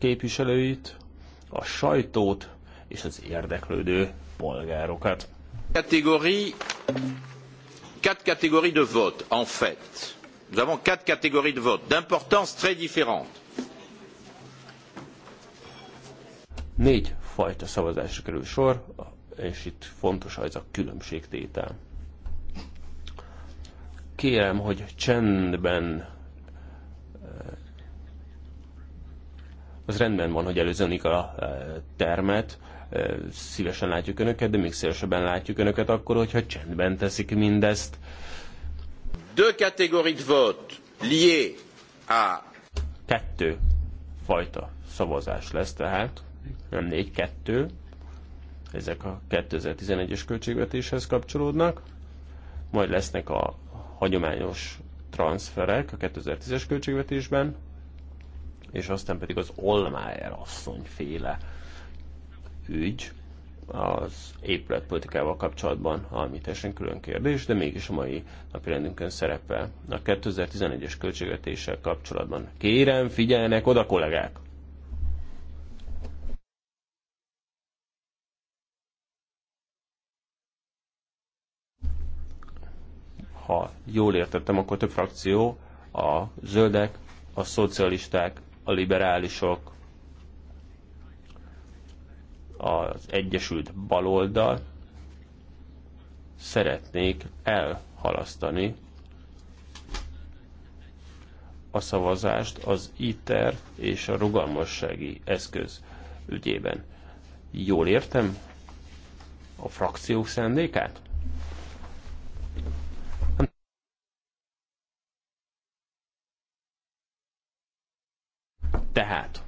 képviselőit, a sajtót és az érdeklődő polgárokat. Kategóri, quatre catégories de vote, en fait. Nous avons quatre catégories de vote, d'importance très différente. Négy fajta szavazásra kerül sor, és itt fontos ez a különbségtétel. Kérem, hogy csendben Az rendben van, hogy előzönik a e, termet, e, szívesen látjuk önöket, de még szélesebben látjuk önöket akkor, hogyha csendben teszik mindezt. Deux catégories volt vote Kettő fajta szavazás lesz tehát, nem négy, kettő. Ezek a 2011-es költségvetéshez kapcsolódnak. Majd lesznek a hagyományos transferek a 2010-es költségvetésben, és aztán pedig az Olmájer asszony féle ügy az épületpolitikával kapcsolatban, ami teljesen külön kérdés, de mégis a mai napirendünkön szerepel. A 2011-es költségvetéssel kapcsolatban. Kérem, figyeljenek oda, kollégák! ha jól értettem, akkor több frakció, a zöldek, a szocialisták a liberálisok, az Egyesült Baloldal szeretnék elhalasztani a szavazást az ITER és a rugalmassági eszköz ügyében. Jól értem a frakciók szándékát? Tehát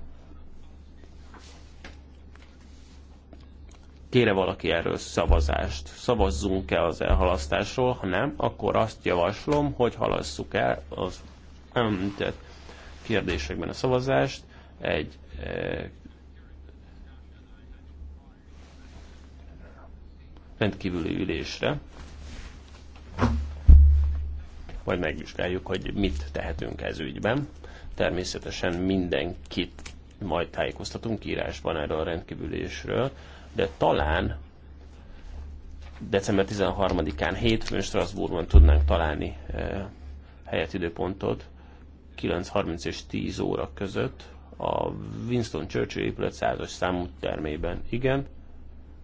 kére valaki erről szavazást. Szavazzunk el az elhalasztásról, ha nem, akkor azt javaslom, hogy halasszuk el az említett kérdésekben a szavazást egy eh, rendkívüli ülésre, majd megvizsgáljuk, hogy mit tehetünk ez ügyben. Természetesen mindenkit majd tájékoztatunk írásban erről a rendkívülésről, de talán december 13-án hétfőn Strasbourgban tudnánk találni eh, helyet időpontot 9.30 és 10 óra között a Winston Churchill épület 100-as számú termében. Igen,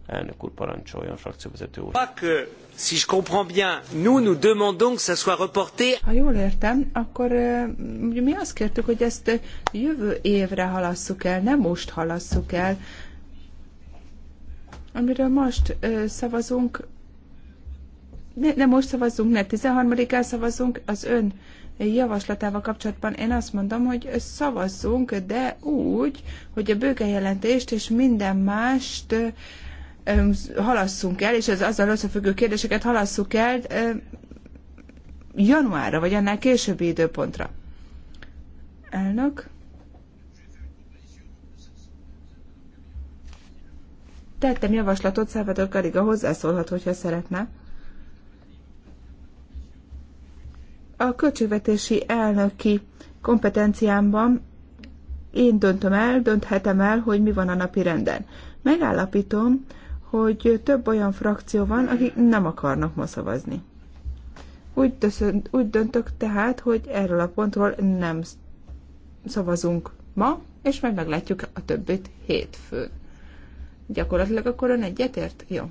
Elnök úr, parancsoljon, frakcióvezető úr. Euh, si je comprends bien, nous nous demandons que ça soit reporté. Ha jól értem, akkor euh, mi azt kértük, hogy ezt euh, jövő évre halasszuk el, nem most halasszuk el. Amiről most szavazunk, ne, ne most szavazzunk, ne 13-án szavazunk, az ön javaslatával kapcsolatban én azt mondom, hogy szavazzunk, de úgy, hogy a bőgejelentést és minden mást halasszunk el, és az azzal összefüggő kérdéseket halasszuk el januárra, vagy annál későbbi időpontra. Elnök. Tettem javaslatot, Salvador Kariga hozzászólhat, hogyha szeretne. A költségvetési elnöki kompetenciámban én döntöm el, dönthetem el, hogy mi van a napi renden. Megállapítom, hogy több olyan frakció van, akik nem akarnak ma szavazni. Úgy, döszönt, úgy döntök tehát, hogy erről a pontról nem szavazunk ma, és majd meglátjuk a többit hétfőn. Gyakorlatilag akkor ön egyetért? Jó.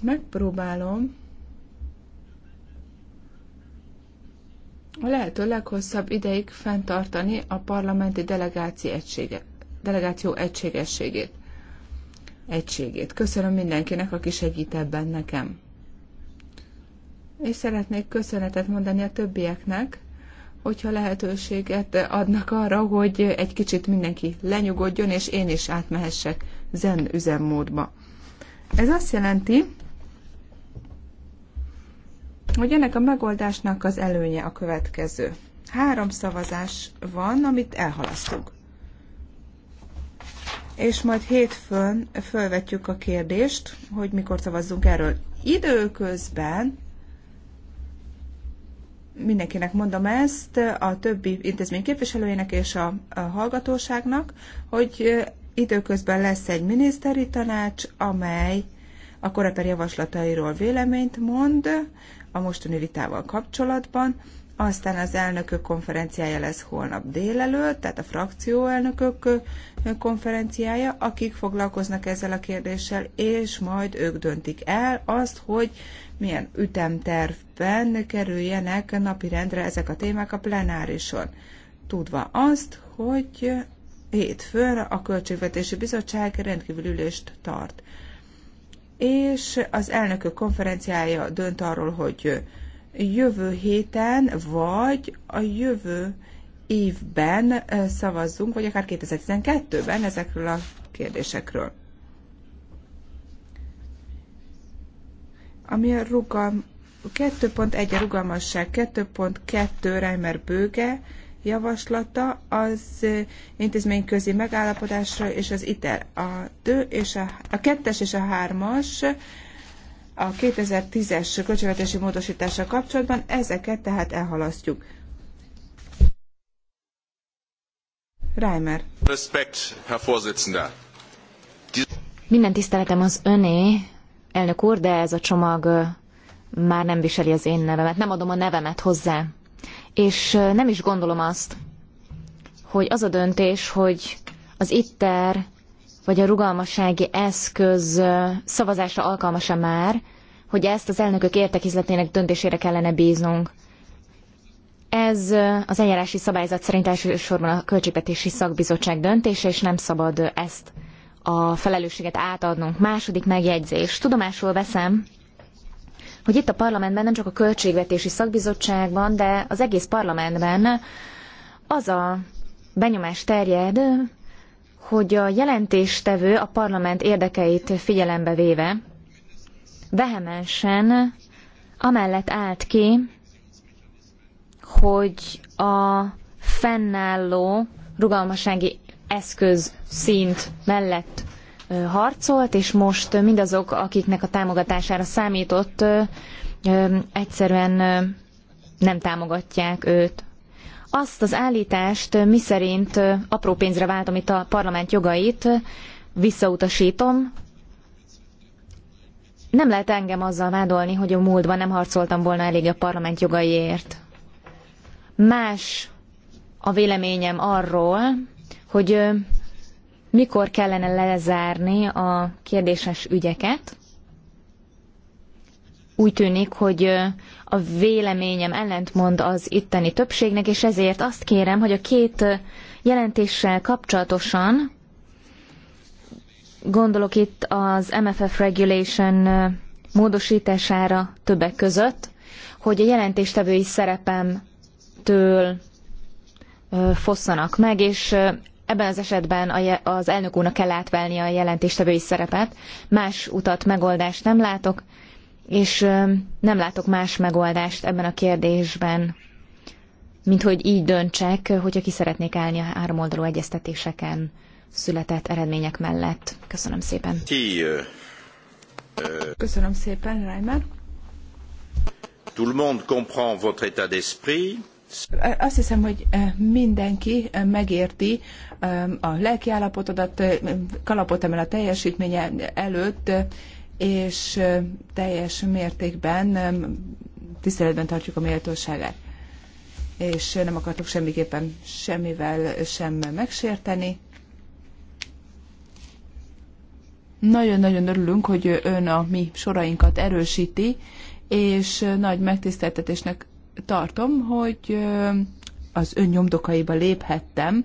Megpróbálom a lehető leghosszabb ideig fenntartani a parlamenti delegáció egységet delegáció egységességét. Egységét. Köszönöm mindenkinek, aki segít ebben nekem. És szeretnék köszönetet mondani a többieknek, hogyha lehetőséget adnak arra, hogy egy kicsit mindenki lenyugodjon, és én is átmehessek zen üzemmódba. Ez azt jelenti, hogy ennek a megoldásnak az előnye a következő. Három szavazás van, amit elhalasztunk és majd hétfőn felvetjük a kérdést, hogy mikor szavazzunk erről. Időközben mindenkinek mondom ezt, a többi intézmény képviselőjének és a, a hallgatóságnak, hogy időközben lesz egy miniszteri tanács, amely a koreper javaslatairól véleményt mond a mostani vitával kapcsolatban, aztán az elnökök konferenciája lesz holnap délelőtt, tehát a frakcióelnökök konferenciája, akik foglalkoznak ezzel a kérdéssel, és majd ők döntik el azt, hogy milyen ütemtervben kerüljenek napirendre ezek a témák a plenárison. Tudva azt, hogy hétfőn a Költségvetési Bizottság rendkívül ülést tart. És az elnökök konferenciája dönt arról, hogy jövő héten, vagy a jövő évben szavazzunk, vagy akár 2012-ben ezekről a kérdésekről. Ami a rugalm, 2.1 a rugalmasság, 2.2 Reimer bőge javaslata az intézményközi megállapodásra és az ITER. A, tő és a, a kettes és a hármas a 2010-es költségvetési módosítása kapcsolatban, ezeket tehát elhalasztjuk. Reimer. Respekt, Herr Vorsitzender. Minden tiszteletem az öné, elnök úr, de ez a csomag már nem viseli az én nevemet. Nem adom a nevemet hozzá. És nem is gondolom azt, hogy az a döntés, hogy az itter vagy a rugalmassági eszköz szavazásra alkalmas-e már, hogy ezt az elnökök értekezletének döntésére kellene bíznunk. Ez az eljárási szabályzat szerint elsősorban a Költségvetési Szakbizottság döntése, és nem szabad ezt a felelősséget átadnunk. Második megjegyzés. Tudomásul veszem, hogy itt a parlamentben, nem csak a Költségvetési Szakbizottságban, de az egész parlamentben az a benyomás terjed, hogy a jelentéstevő a parlament érdekeit figyelembe véve vehemensen amellett állt ki, hogy a fennálló rugalmasági eszköz szint mellett harcolt, és most mindazok, akiknek a támogatására számított, egyszerűen nem támogatják őt. Azt az állítást, miszerint apró pénzre váltom itt a parlament jogait, visszautasítom. Nem lehet engem azzal vádolni, hogy a múltban nem harcoltam volna elég a parlament jogaiért. Más a véleményem arról, hogy mikor kellene lezárni a kérdéses ügyeket, úgy tűnik, hogy a véleményem ellentmond az itteni többségnek, és ezért azt kérem, hogy a két jelentéssel kapcsolatosan, gondolok itt az MFF Regulation módosítására többek között, hogy a jelentéstevői szerepemtől fosszanak meg, és ebben az esetben az elnök úrnak kell átvelni a jelentéstevői szerepet. Más utat, megoldást nem látok, és nem látok más megoldást ebben a kérdésben, mint hogy így döntsek, hogyha ki szeretnék állni a oldalú egyeztetéseken született eredmények mellett. Köszönöm szépen. Köszönöm szépen, Reimer. Tout le monde comprend votre état d'esprit. Azt hiszem, hogy mindenki megérti a lelkiállapotodat, kalapot emel a teljesítménye előtt, és teljes mértékben tiszteletben tartjuk a méltóságát. És nem akartok semmiképpen semmivel sem megsérteni. Nagyon-nagyon örülünk, hogy ön a mi sorainkat erősíti, és nagy megtiszteltetésnek tartom, hogy az ön nyomdokaiba léphettem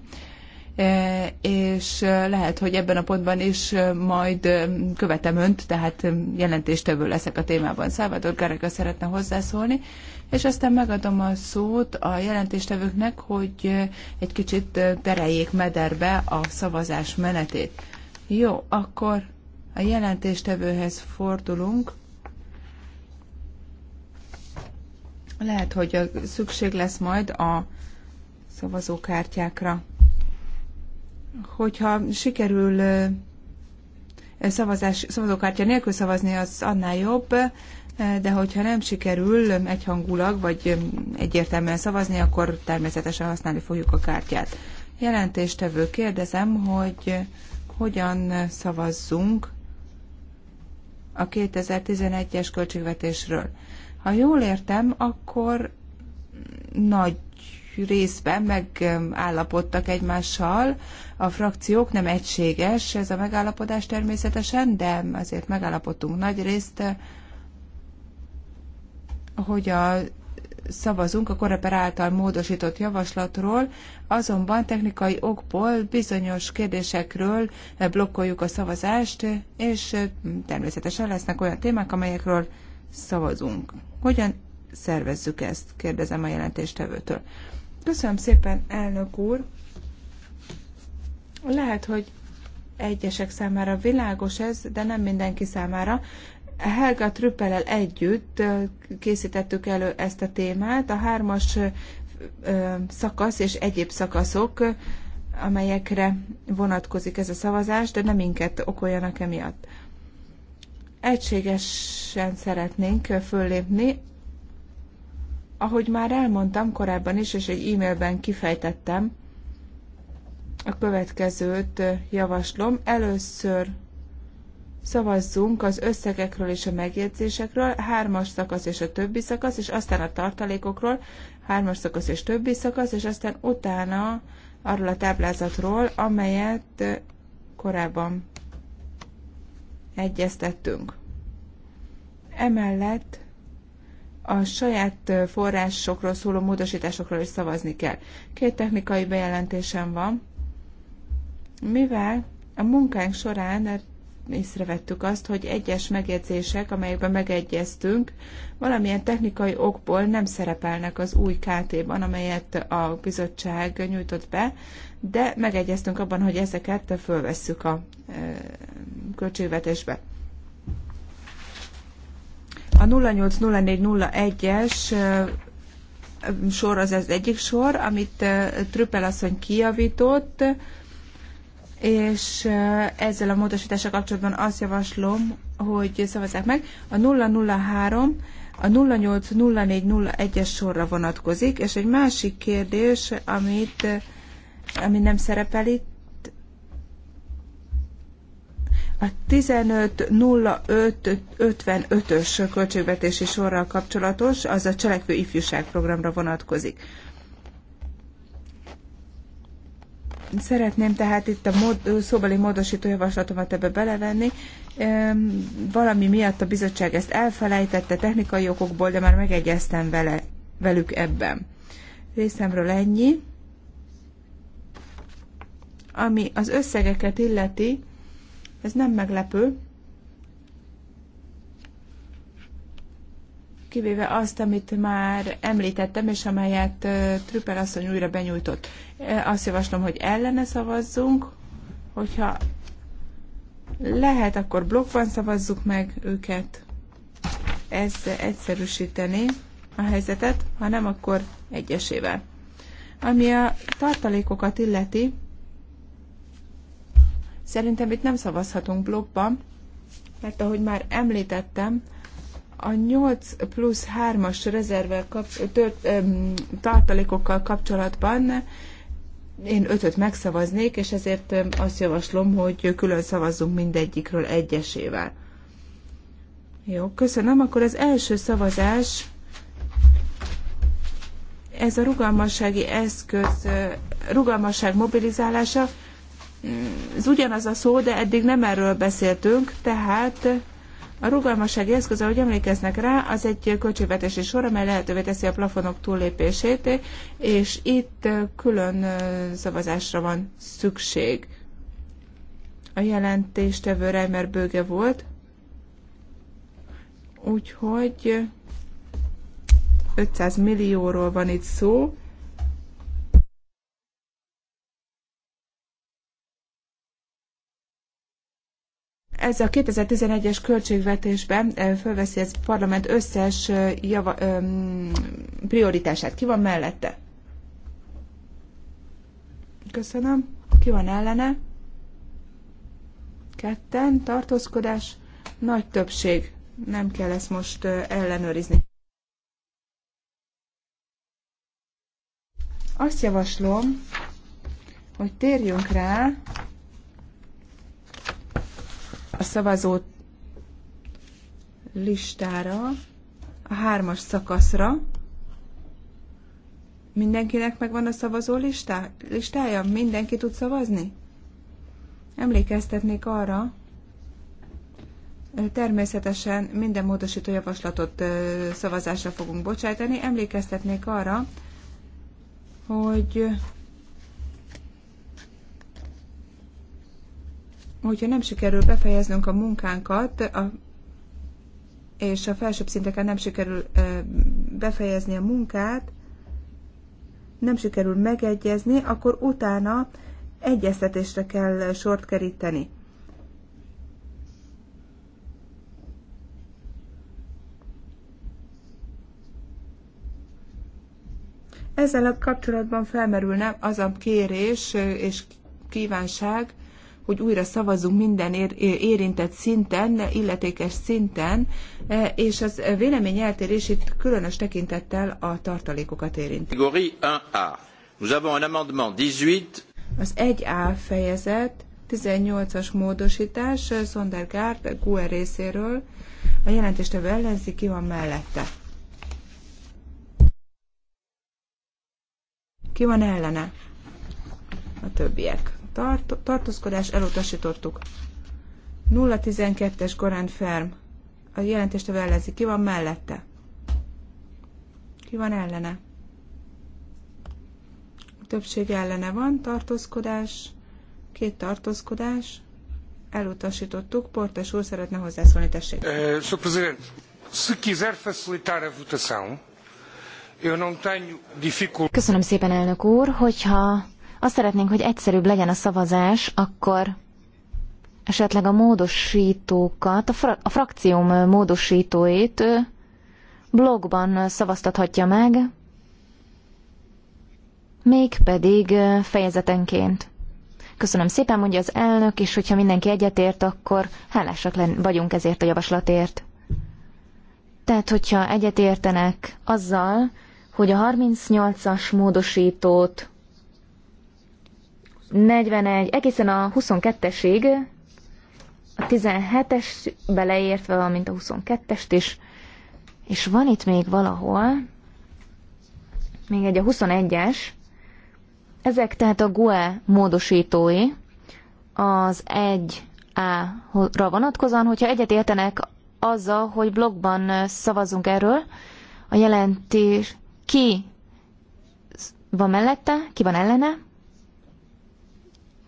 E, és e, lehet, hogy ebben a pontban is e, majd követem önt, tehát jelentéstevő leszek a témában. Salvador Garega szeretne hozzászólni, és aztán megadom a szót a jelentéstevőknek, hogy egy kicsit tereljék mederbe a szavazás menetét. Jó, akkor a jelentéstevőhez fordulunk. Lehet, hogy szükség lesz majd a szavazókártyákra hogyha sikerül e, szavazás, szavazókártya nélkül szavazni, az annál jobb, de hogyha nem sikerül egyhangulag vagy egyértelműen szavazni, akkor természetesen használni fogjuk a kártyát. Jelentéstevő kérdezem, hogy hogyan szavazzunk a 2011-es költségvetésről. Ha jól értem, akkor nagy részben megállapodtak egymással a frakciók, nem egységes ez a megállapodás természetesen, de azért megállapodtunk nagy részt, hogy a szavazunk a Koreper által módosított javaslatról, azonban technikai okból bizonyos kérdésekről blokkoljuk a szavazást, és természetesen lesznek olyan témák, amelyekről szavazunk. Hogyan szervezzük ezt? kérdezem a jelentéstevőtől. Köszönöm szépen, elnök úr. Lehet, hogy egyesek számára világos ez, de nem mindenki számára. Helga Trüppelel együtt készítettük elő ezt a témát, a hármas szakasz és egyéb szakaszok, amelyekre vonatkozik ez a szavazás, de nem minket okoljanak emiatt. Egységesen szeretnénk föllépni ahogy már elmondtam korábban is, és egy e-mailben kifejtettem, a következőt javaslom. Először szavazzunk az összegekről és a megjegyzésekről, hármas szakasz és a többi szakasz, és aztán a tartalékokról, hármas szakasz és többi szakasz, és aztán utána arról a táblázatról, amelyet korábban egyeztettünk. Emellett a saját forrásokról szóló módosításokról is szavazni kell. Két technikai bejelentésem van. Mivel a munkánk során észrevettük azt, hogy egyes megjegyzések, amelyekben megegyeztünk, valamilyen technikai okból nem szerepelnek az új KT-ban, amelyet a bizottság nyújtott be, de megegyeztünk abban, hogy ezeket fölvesszük a költségvetésbe. A 080401-es sor az az egyik sor, amit Trüppel asszony kijavított, és ezzel a módosítással kapcsolatban azt javaslom, hogy szavazzák meg. A 003 a 080401-es sorra vonatkozik, és egy másik kérdés, amit, ami nem szerepel itt, A 15.05.55-ös költségvetési sorral kapcsolatos, az a Cselekvő Ifjúság programra vonatkozik. Szeretném tehát itt a mód, szóbeli módosító javaslatomat ebbe belevenni. Valami miatt a bizottság ezt elfelejtette technikai okokból, de már megegyeztem vele, velük ebben. Részemről ennyi. Ami az összegeket illeti, ez nem meglepő, kivéve azt, amit már említettem, és amelyet Trüppel asszony újra benyújtott. Azt javaslom, hogy ellene szavazzunk, hogyha lehet, akkor blokkban szavazzuk meg őket. Ez egyszerűsíteni a helyzetet, ha nem, akkor egyesével. Ami a tartalékokat illeti, Szerintem itt nem szavazhatunk blokkban, mert ahogy már említettem, a 8 plusz 3-as rezervvel kap, tört, öm, tartalékokkal kapcsolatban én 5-öt megszavaznék, és ezért azt javaslom, hogy külön szavazzunk mindegyikről egyesével. Jó, köszönöm. Akkor az első szavazás, ez a rugalmassági eszköz, rugalmasság mobilizálása, ez ugyanaz a szó, de eddig nem erről beszéltünk, tehát a rugalmasság eszköz, ahogy emlékeznek rá, az egy költségvetési sor, amely lehetővé teszi a plafonok túllépését, és itt külön szavazásra van szükség. A jelentéstevő Reimer Bőge volt, úgyhogy 500 millióról van itt szó, Ez a 2011-es költségvetésben fölveszi ez parlament összes java, öm, prioritását. Ki van mellette? Köszönöm. Ki van ellene? Ketten. Tartózkodás. Nagy többség. Nem kell ezt most ellenőrizni. Azt javaslom, hogy térjünk rá a szavazó listára, a hármas szakaszra. Mindenkinek megvan a szavazó listá listája? Mindenki tud szavazni? Emlékeztetnék arra, természetesen minden módosító javaslatot szavazásra fogunk bocsájtani. Emlékeztetnék arra, hogy hogyha nem sikerül befejeznünk a munkánkat, a, és a felsőbb szinteken nem sikerül befejezni a munkát, nem sikerül megegyezni, akkor utána egyeztetésre kell sort keríteni. Ezzel a kapcsolatban felmerülne az a kérés és kívánság, hogy újra szavazunk minden érintett szinten, illetékes szinten, e, és az vélemény eltérését különös tekintettel a tartalékokat érinti. Az 1A fejezet 18-as módosítás Sondergaard GUE részéről. A jelentéstevő ellenzi, ki van mellette? Ki van ellene? A többiek tart, tartózkodás elutasítottuk. 012-es Korán Ferm. A jelentést ellenzi. Ki van mellette? Ki van ellene? A többség ellene van. Tartózkodás. Két tartózkodás. Elutasítottuk. Portes úr szeretne hozzászólni, tessék. Uh, se quiser facilitar a votação, Köszönöm szépen, elnök úr, hogyha azt szeretnénk, hogy egyszerűbb legyen a szavazás, akkor esetleg a módosítókat, a, fra- a frakcióm módosítóit blogban szavaztathatja meg, mégpedig fejezetenként. Köszönöm szépen, mondja az elnök, és hogyha mindenki egyetért, akkor hálásak vagyunk ezért a javaslatért. Tehát, hogyha egyetértenek azzal, hogy a 38-as módosítót 41, egészen a 22-esig, a 17-es beleértve, valamint a 22-est is, és van itt még valahol, még egy a 21-es, ezek tehát a GUE módosítói az 1A-ra vonatkozóan, hogyha egyet értenek azzal, hogy blogban szavazunk erről, a jelentés ki van mellette, ki van ellene,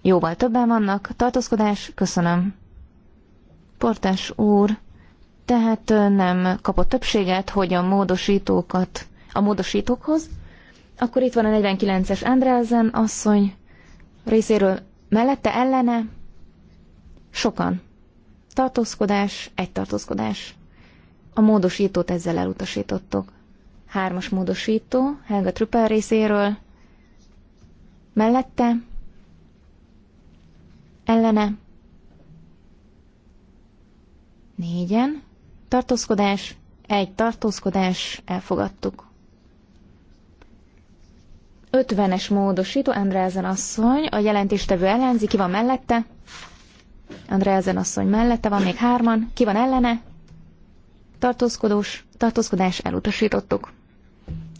Jóval többen vannak. Tartózkodás, köszönöm. Portás úr, tehát nem kapott többséget, hogy a módosítókat, a módosítókhoz. Akkor itt van a 49-es Andrelzen asszony részéről mellette ellene sokan. Tartózkodás, egy tartózkodás. A módosítót ezzel elutasítottok. Hármas módosító, Helga Trüppel részéről. Mellette ellene. Négyen. Tartózkodás, egy tartózkodás, elfogadtuk. 50-es módosító, Andrázen asszony, a jelentéstevő ellenzi, ki van mellette? Andrázen asszony mellette, van még hárman, ki van ellene? Tartózkodós, tartózkodás elutasítottuk.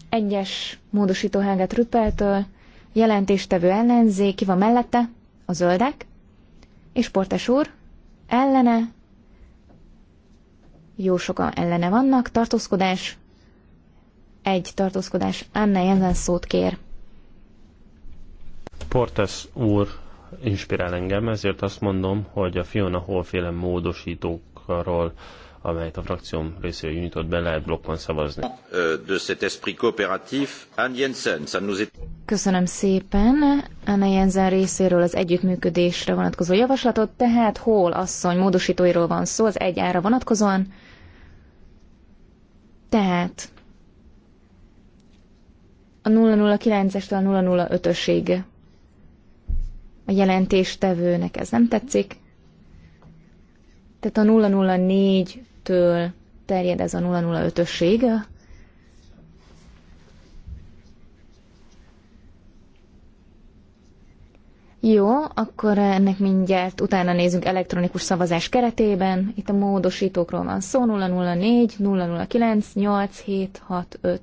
Egyes módosító Helget Rüppeltől, jelentéstevő ellenzék, ki van mellette? A zöldek. És Portes úr, ellene, jó sokan ellene vannak, tartózkodás, egy tartózkodás, Anna Jensen szót kér. Portes úr inspirál engem, ezért azt mondom, hogy a Fiona Hall féle módosítókról amelyet a frakcióm részéről nyújtott be, lehet blokkon szavazni. Euh, Köszönöm szépen Anna Jensen részéről az együttműködésre vonatkozó javaslatot, tehát hol asszony módosítóiról van szó az egy ára vonatkozóan. Tehát a 009-estől a 005-ösig a jelentéstevőnek ez nem tetszik. Tehát a 004 től terjed ez a 005-össég. Jó, akkor ennek mindjárt utána nézünk elektronikus szavazás keretében. Itt a módosítókról van szó 004, 009, 8, 7, 6, 5.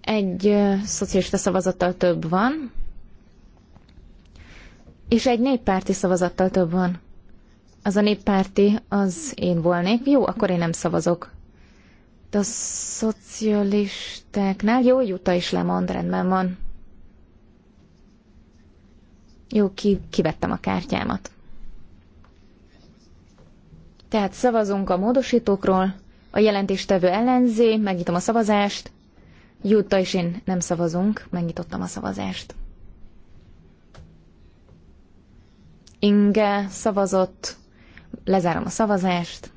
Egy uh, szocialista szavazattal több van, és egy néppárti szavazattal több van az a néppárti az én volnék. Jó, akkor én nem szavazok. De a szocialistáknál jó, Juta is lemond, rendben van. Jó, ki, kivettem a kártyámat. Tehát szavazunk a módosítókról, a jelentéstevő ellenzé megnyitom a szavazást, Jutta és én nem szavazunk, megnyitottam a szavazást. Inge szavazott, lezárom a szavazást.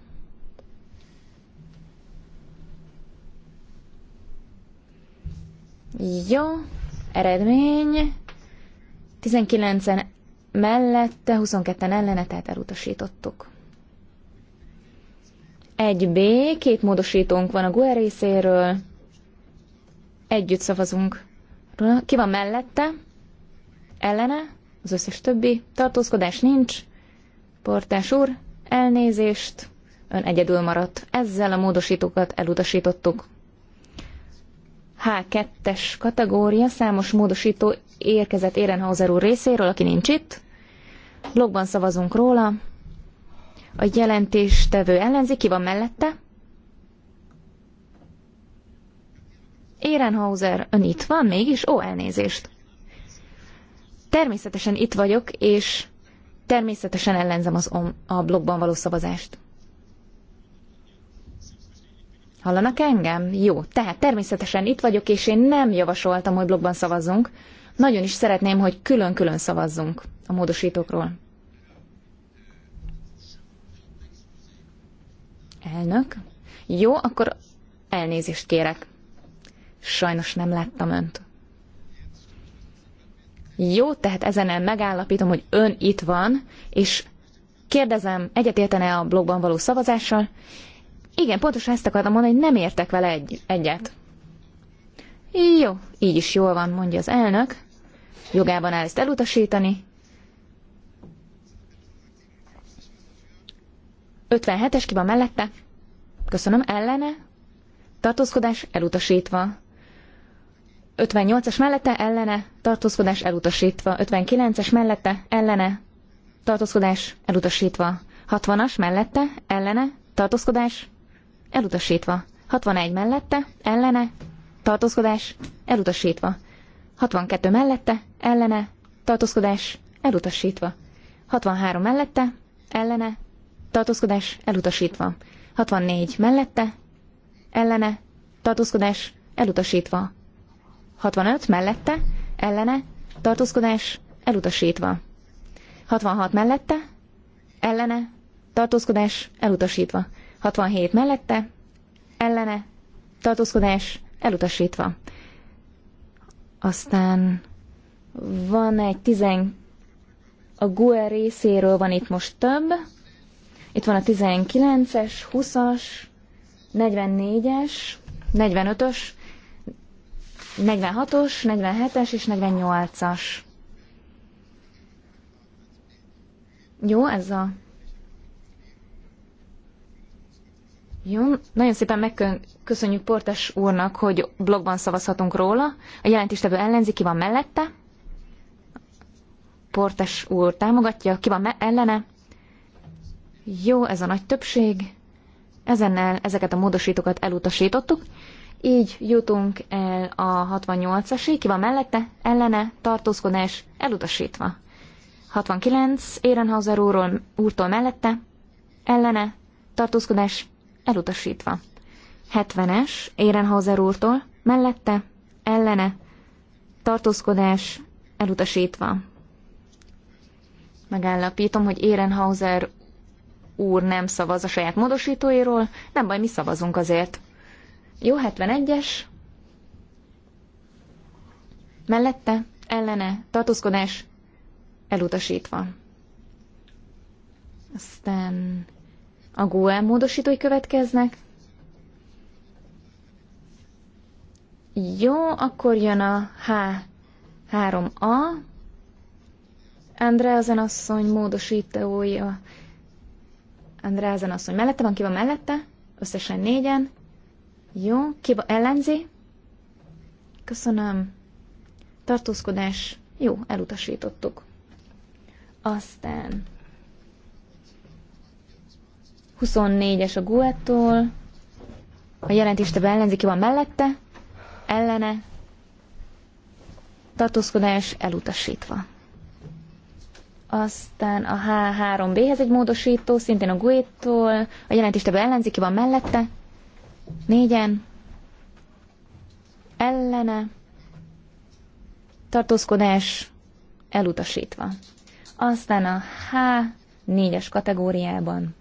Jó, eredmény. 19-en mellette, 22-en ellene, tehát elutasítottuk. 1B, két módosítónk van a GUE részéről. Együtt szavazunk. Ki van mellette? Ellene? Az összes többi. Tartózkodás nincs. Portás úr, Elnézést, ön egyedül maradt. Ezzel a módosítókat elutasítottuk. H2-es kategória számos módosító érkezett Érenhauser úr részéről, aki nincs itt. Blogban szavazunk róla. A jelentéstevő ellenzi, ki van mellette? Érenhauser, ön itt van mégis? Ó, elnézést. Természetesen itt vagyok, és Természetesen ellenzem az a blogban való szavazást. Hallanak engem? Jó. Tehát természetesen itt vagyok, és én nem javasoltam, hogy blogban szavazzunk. Nagyon is szeretném, hogy külön-külön szavazzunk a módosítókról. Elnök? Jó, akkor elnézést kérek. Sajnos nem láttam önt. Jó, tehát ezen megállapítom, hogy ön itt van, és kérdezem, egyetértene a blogban való szavazással? Igen, pontosan ezt akartam mondani, hogy nem értek vele egy, egyet. Jó, így is jól van, mondja az elnök. Jogában áll ezt elutasítani. 57-es ki van mellette? Köszönöm, ellene? Tartózkodás elutasítva. 58-as mellette ellene tartózkodás elutasítva, 59-es mellette ellene tartózkodás elutasítva, 60-as mellette ellene tartózkodás elutasítva, 61 mellette ellene tartózkodás elutasítva, 62 mellette ellene tartózkodás elutasítva, 63 mellette ellene tartózkodás elutasítva, 64 mellette ellene tartózkodás elutasítva, 65 mellette, ellene, tartózkodás elutasítva. 66 mellette, ellene, tartózkodás elutasítva. 67 mellette, ellene, tartózkodás elutasítva. Aztán van egy 10 a GUE részéről van itt most több. Itt van a 19-es, 20-as, 44-es, 45-ös, 46-os, 47-es és 48-as. Jó, ez a... Jó, nagyon szépen megköszönjük Portes úrnak, hogy blogban szavazhatunk róla. A jelentéstevő ellenzi, ki van mellette. Portes úr támogatja, ki van ellene. Jó, ez a nagy többség. Ezennel ezeket a módosítókat elutasítottuk. Így jutunk el a 68-asig, ki van mellette, ellene, tartózkodás, elutasítva. 69, Ehrenhauser úrról, úrtól mellette, ellene, tartózkodás, elutasítva. 70-es, Ehrenhauser úrtól, mellette, ellene, tartózkodás, elutasítva. Megállapítom, hogy Ehrenhauser úr nem szavaz a saját módosítóiról, nem baj, mi szavazunk azért. Jó, 71-es. Mellette, ellene, tartózkodás elutasítva. Aztán a GUE módosítói következnek. Jó, akkor jön a H, 3A. Andreasen asszony módosítója. az asszony mellette van, ki van mellette? Összesen négyen. Jó, ki ellenzi? Köszönöm. Tartózkodás. Jó, elutasítottuk. Aztán 24-es a Guettól. A jelentéstevő ellenzi, ki van mellette? Ellene. Tartózkodás elutasítva. Aztán a H3B-hez egy módosító, szintén a Guettól. A jelentéstevő ellenzi, ki van mellette? Négyen. Ellene. Tartózkodás elutasítva. Aztán a H négyes kategóriában.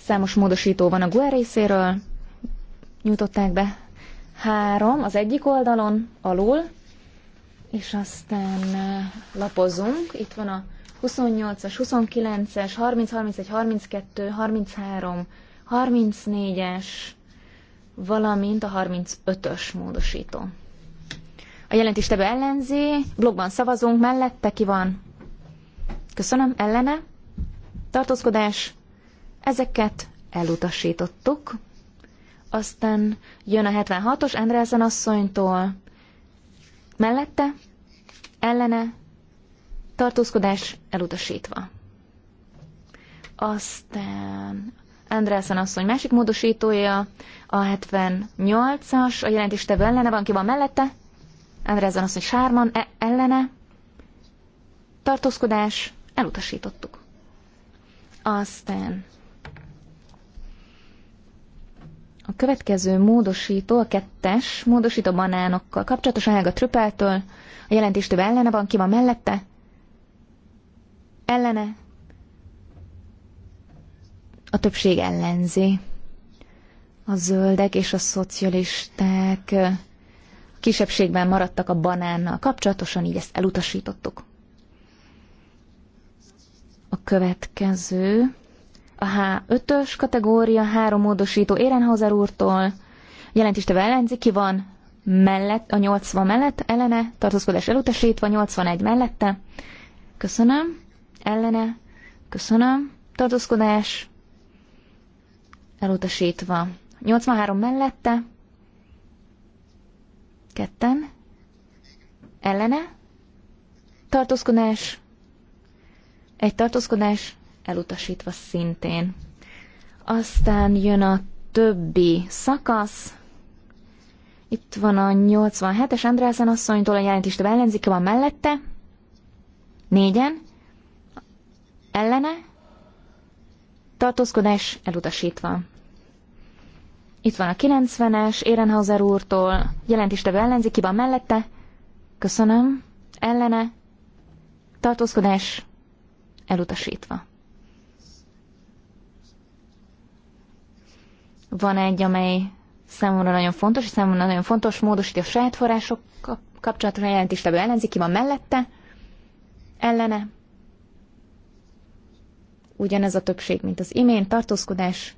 Számos módosító van a GUE részéről. Nyújtották be három az egyik oldalon, alul, és aztán lapozunk. Itt van a 28-as, 29-es, 30, 31, 32, 33, 34-es, valamint a 35-ös módosító. A jelentéstevő ellenzi, blogban szavazunk, mellette ki van? Köszönöm, ellene? Tartózkodás? Ezeket elutasítottuk. Aztán jön a 76-os Andrásen asszonytól. Mellette? Ellene? Tartózkodás elutasítva. Aztán Andrászen asszony másik módosítója, a 78-as, a jelentéstevő ellene van, ki van mellette? Andrászen asszony Sárman e- ellene. Tartózkodás, elutasítottuk. Aztán a következő módosító, a kettes módosító banánokkal kapcsolatosan a Trüppeltől, a jelentéstől ellene van, ki van mellette? Ellene, a többség ellenzi. A zöldek és a szocialisták a kisebbségben maradtak a banánnal kapcsolatosan, így ezt elutasítottuk. A következő a H5-ös kategória, három módosító Érenhauser úrtól, jelentésteve ellenzi, ki van mellett, a 80 mellett, ellene, tartózkodás elutasítva, 81 mellette, köszönöm, ellene, köszönöm, tartózkodás, elutasítva. 83 mellette, ketten, ellene, tartózkodás, egy tartózkodás elutasítva szintén. Aztán jön a többi szakasz. Itt van a 87-es Andrászen asszonytól a a ellenzéke van mellette. Négyen. Ellene. Tartózkodás elutasítva. Itt van a 90-es, Érenhauser úrtól, jelentéstevő ellenzi, ki van mellette? Köszönöm. Ellene? Tartózkodás? Elutasítva. Van egy, amely számomra nagyon fontos, és számomra nagyon fontos módosítja a saját források kapcsolatra jelentéstevő ellenzi, ki van mellette? Ellene? Ugyanez a többség, mint az imént, tartózkodás,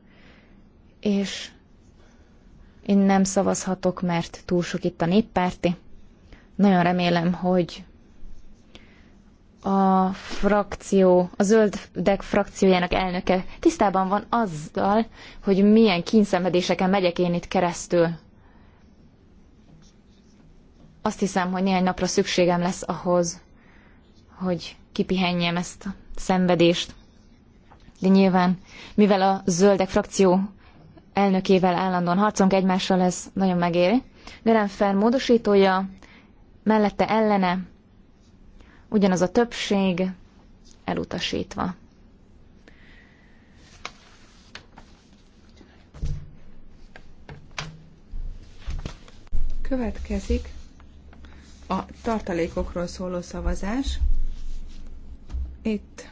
és én nem szavazhatok, mert túl sok itt a néppárti. Nagyon remélem, hogy a frakció, a zöldek frakciójának elnöke tisztában van azzal, hogy milyen kínszenvedéseken megyek én itt keresztül. Azt hiszem, hogy néhány napra szükségem lesz ahhoz, hogy kipihenjem ezt a szenvedést. De nyilván, mivel a zöldek frakció elnökével állandóan harcolunk egymással, ez nagyon megéri. fel, módosítója, mellette ellene, ugyanaz a többség, elutasítva. Következik a tartalékokról szóló szavazás. Itt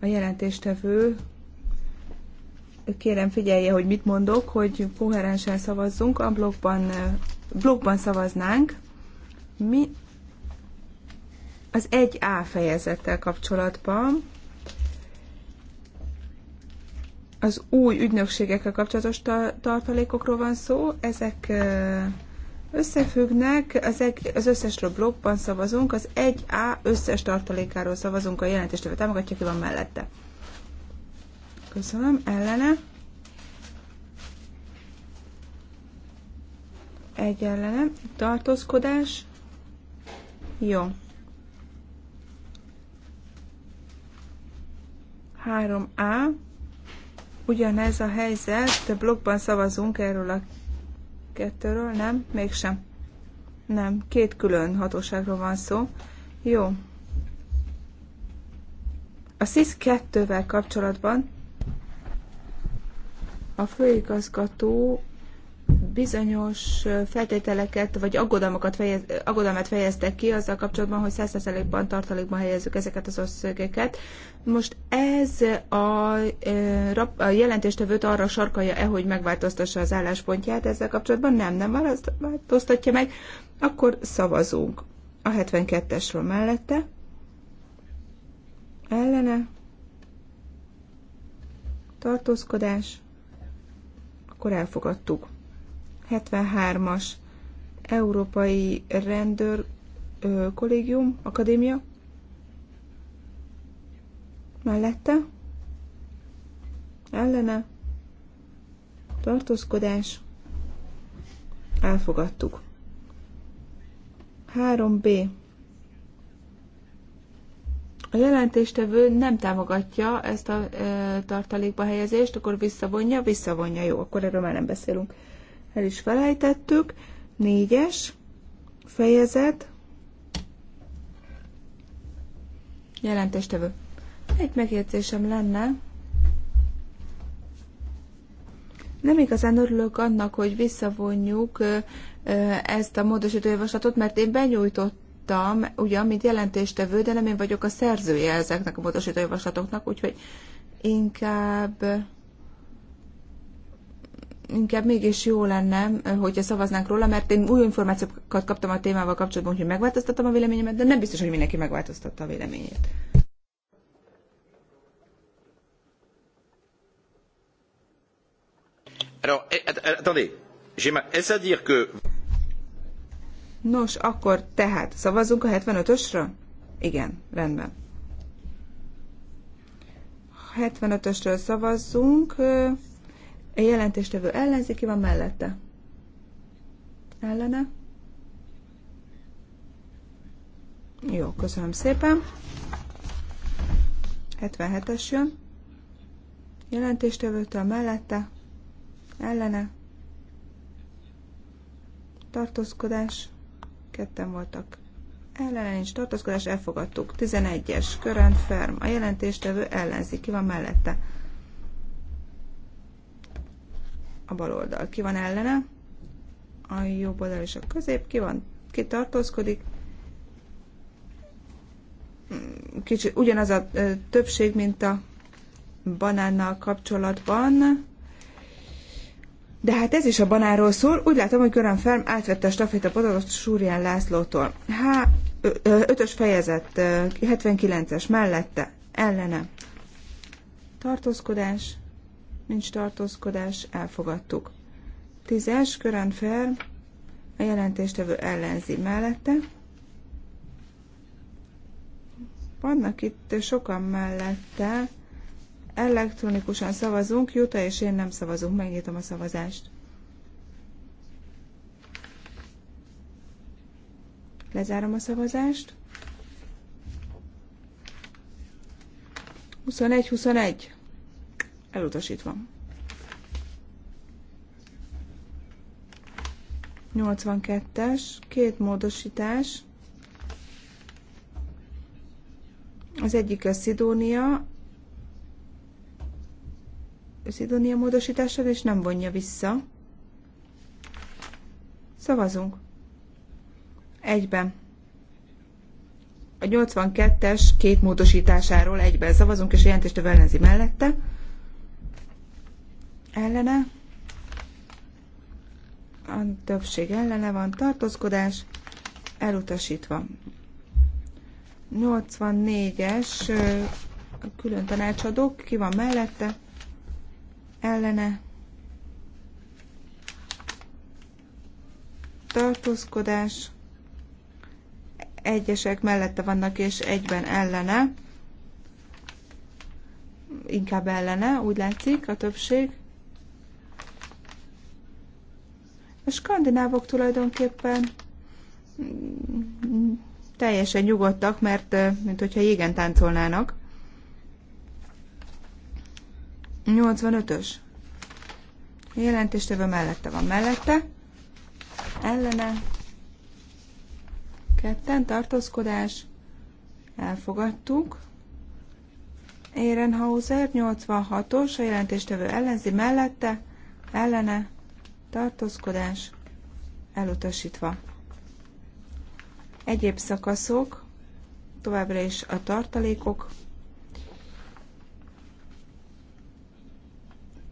a jelentéstevő kérem figyelje, hogy mit mondok, hogy koherensen szavazzunk, a blogban, blogban szavaznánk. Mi az 1A fejezettel kapcsolatban az új ügynökségekkel kapcsolatos tartalékokról van szó, ezek összefüggnek, az, egy, az összesről blogban szavazunk, az 1A összes tartalékáról szavazunk, a jelentéstevő támogatja, ki van mellette. Köszönöm. Ellene. Egy ellene. Tartózkodás. Jó. Három A. Ugyanez a helyzet. a Blokkban szavazunk erről a kettőről, nem? Mégsem. Nem, két külön hatóságról van szó. Jó. A SIS 2-vel kapcsolatban a főigazgató bizonyos feltételeket vagy aggodalmat fejez, aggodalmat fejeztek ki azzal kapcsolatban, hogy 100%-ban tartalékban helyezzük ezeket az összögeket. Most ez a, a jelentéstevőt arra sarkalja-e, hogy megváltoztassa az álláspontját ezzel kapcsolatban? Nem, nem változtatja meg. Akkor szavazunk a 72-esről mellette. Ellene. Tartózkodás akkor elfogadtuk. 73-as Európai Rendőr ö, Kollégium, Akadémia. Mellette. Ellene. Tartózkodás. Elfogadtuk. 3B a jelentéstevő nem támogatja ezt a e, tartalékba helyezést, akkor visszavonja, visszavonja, jó, akkor erről már nem beszélünk. El is felejtettük. Négyes fejezet. Jelentéstevő. Egy megjegyzésem lenne. Nem igazán örülök annak, hogy visszavonjuk ezt a módosítójavaslatot, mert én benyújtott voltam, ugyan, mint jelentéstevő, de nem én vagyok a szerzője ezeknek a módosító javaslatoknak, úgyhogy inkább inkább mégis jó lenne, hogyha szavaznánk róla, mert én új információkat kaptam a témával kapcsolatban, hogy megváltoztattam a véleményemet, de nem biztos, hogy mindenki megváltoztatta a véleményét. Alors, eh, eh, attendez, j'ai mal. Est-ce à dire que... Nos, akkor tehát szavazunk a 75 ösre Igen, rendben. 75-ösről szavazzunk. A jelentéstevő ellenzi, ki van mellette? Ellene? Jó, köszönöm szépen. 77-es jön. Jelentéstevőtől mellette, ellene, tartózkodás, ketten voltak ellene, nincs tartózkodás, elfogadtuk. 11-es, körönt, Ferm, a jelentéstevő ellenzi, ki van mellette? A bal oldal, ki van ellene? A jobb oldal és a közép, ki van? Ki tartózkodik? Kicsit ugyanaz a többség, mint a banánnal kapcsolatban. De hát ez is a banáról szól. Úgy látom, hogy Göran Ferm átvette a stafétapodatot Súrián Lászlótól. Há, ö, ö, ötös fejezet, 79-es, mellette, ellene. Tartózkodás, nincs tartózkodás, elfogadtuk. Tízes, Göran Ferm, a jelentéstevő ellenzi mellette. Vannak itt sokan mellette, Elektronikusan szavazunk, Juta és én nem szavazunk. Megnyitom a szavazást. Lezárom a szavazást. 21-21. Elutasítva. 82-es, két módosítás. Az egyik a Szidónia, Szidónia módosítással, és nem vonja vissza. Szavazunk. Egyben. A 82-es két módosításáról egyben szavazunk, és a jelentést a Velenzi mellette. Ellene. A többség ellene van. Tartózkodás elutasítva. 84-es külön tanácsadók, ki van mellette? ellene tartózkodás egyesek mellette vannak, és egyben ellene, inkább ellene, úgy látszik a többség. A skandinávok tulajdonképpen mm, mm, teljesen nyugodtak, mert mint hogyha jégen táncolnának. 85-ös. Jelentéstevő mellette van mellette. Ellene. Ketten tartózkodás. Elfogadtuk. Ehrenhauser 86-os, a jelentéstevő ellenzi mellette, ellene, tartózkodás, elutasítva. Egyéb szakaszok, továbbra is a tartalékok,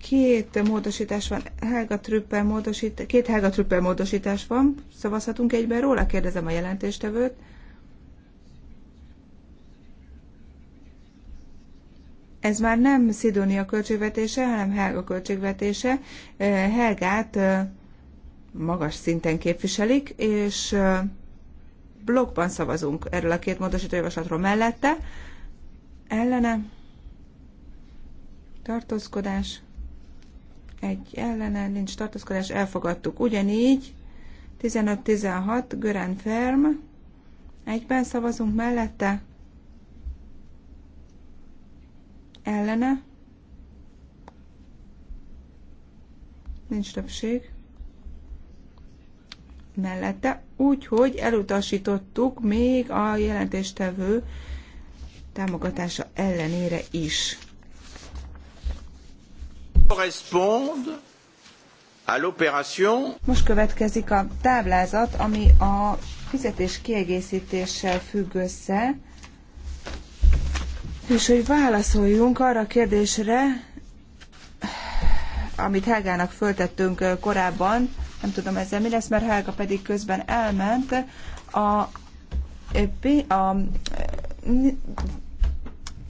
Két módosítás van, Helga Trüppel módosít, két Helga Trüppel módosítás van, szavazhatunk egyben róla, kérdezem a jelentéstevőt. ez már nem Szidónia költségvetése, hanem Helga költségvetése. Helgát magas szinten képviselik, és blogban szavazunk erről a két módosító javaslatról mellette. Ellene tartózkodás egy ellene, nincs tartózkodás, elfogadtuk. Ugyanígy 15-16, Görán Ferm, egyben szavazunk mellette, ellene, nincs többség, mellette, úgyhogy elutasítottuk még a jelentéstevő támogatása ellenére is. Most következik a táblázat, ami a fizetés kiegészítéssel függ össze, és hogy válaszoljunk arra a kérdésre, amit Helgának föltettünk korábban, nem tudom ezzel mi lesz, mert Helga pedig közben elment, a, a, a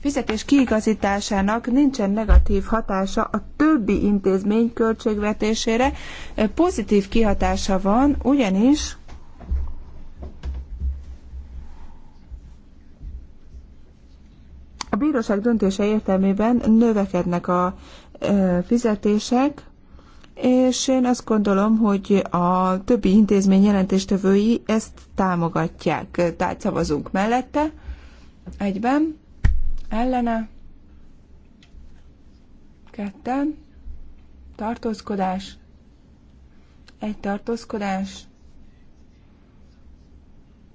fizetés kiigazításának nincsen negatív hatása a többi intézmény költségvetésére, pozitív kihatása van, ugyanis a bíróság döntése értelmében növekednek a fizetések, és én azt gondolom, hogy a többi intézmény jelentéstevői ezt támogatják, tehát szavazunk mellette egyben ellene, ketten, tartózkodás, egy tartózkodás,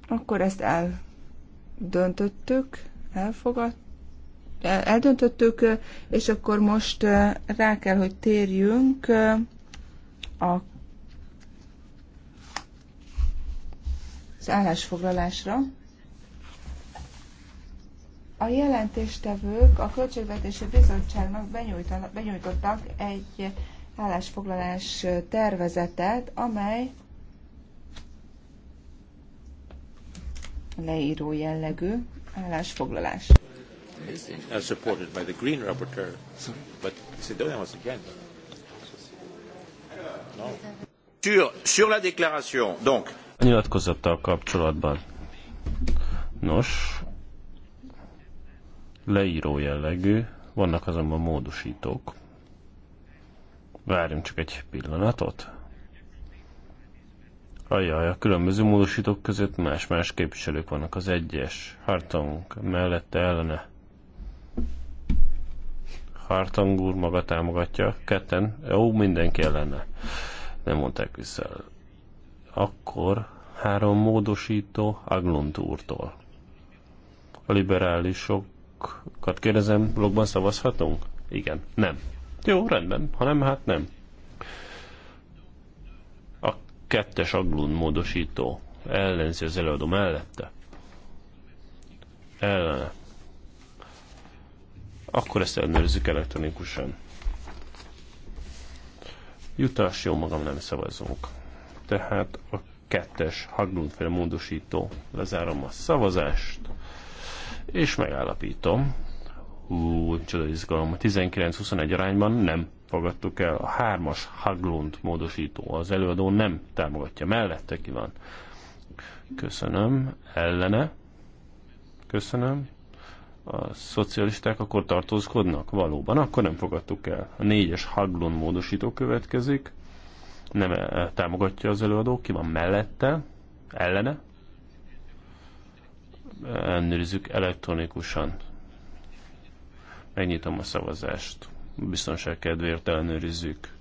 akkor ezt eldöntöttük, elfogadt, eldöntöttük, és akkor most rá kell, hogy térjünk a az állásfoglalásra. A jelentéstevők a Költségvetési Bizottságnak benyújtottak egy állásfoglalás tervezetet, amely leíró jellegű állásfoglalás. Supported by the Green Rapporteur, but Sidonia was again. Sur, sur la déclaration, donc. A nyilatkozattal kapcsolatban. Nos, leíró jellegű, vannak azonban módosítók. Várjunk csak egy pillanatot. Ajaj, a különböző módosítók között más-más képviselők vannak. Az egyes, Hartong mellette ellene. Hartong úr maga támogatja, ketten, jó, mindenki ellene. Nem mondták vissza. Akkor három módosító Aglund úrtól. A liberálisok blogokat kérdezem, blogban szavazhatunk? Igen. Nem. Jó, rendben. Ha nem, hát nem. A kettes aglun módosító ellenzi az előadó mellette. Ellene. Akkor ezt ellenőrizzük elektronikusan. Jutás, jó magam nem szavazunk. Tehát a kettes Haglundféle módosító. Lezárom a szavazást és megállapítom, hú, csoda izgalom, 19-21 arányban nem fogadtuk el. A hármas Haglund módosító az előadó nem támogatja. Mellette ki van. Köszönöm. Ellene. Köszönöm. A szocialisták akkor tartózkodnak? Valóban, akkor nem fogadtuk el. A négyes Haglon módosító következik. Nem eh, támogatja az előadó. Ki van mellette? Ellene? ellenőrizzük elektronikusan. Megnyitom a szavazást. Biztonság kedvéért ellenőrizzük,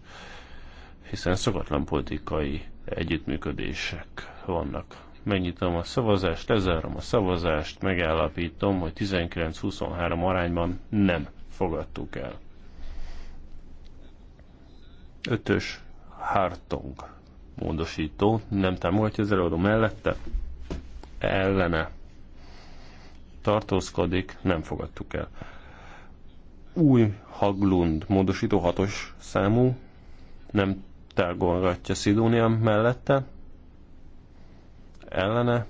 hiszen szokatlan politikai együttműködések vannak. Megnyitom a szavazást, lezárom a szavazást, megállapítom, hogy 19-23 arányban nem fogadtuk el. Ötös Hartong módosító nem támogatja az előadó mellette, ellene tartózkodik, nem fogadtuk el. Új Haglund módosító hatos számú, nem tágolgatja Szidónia mellette, ellene,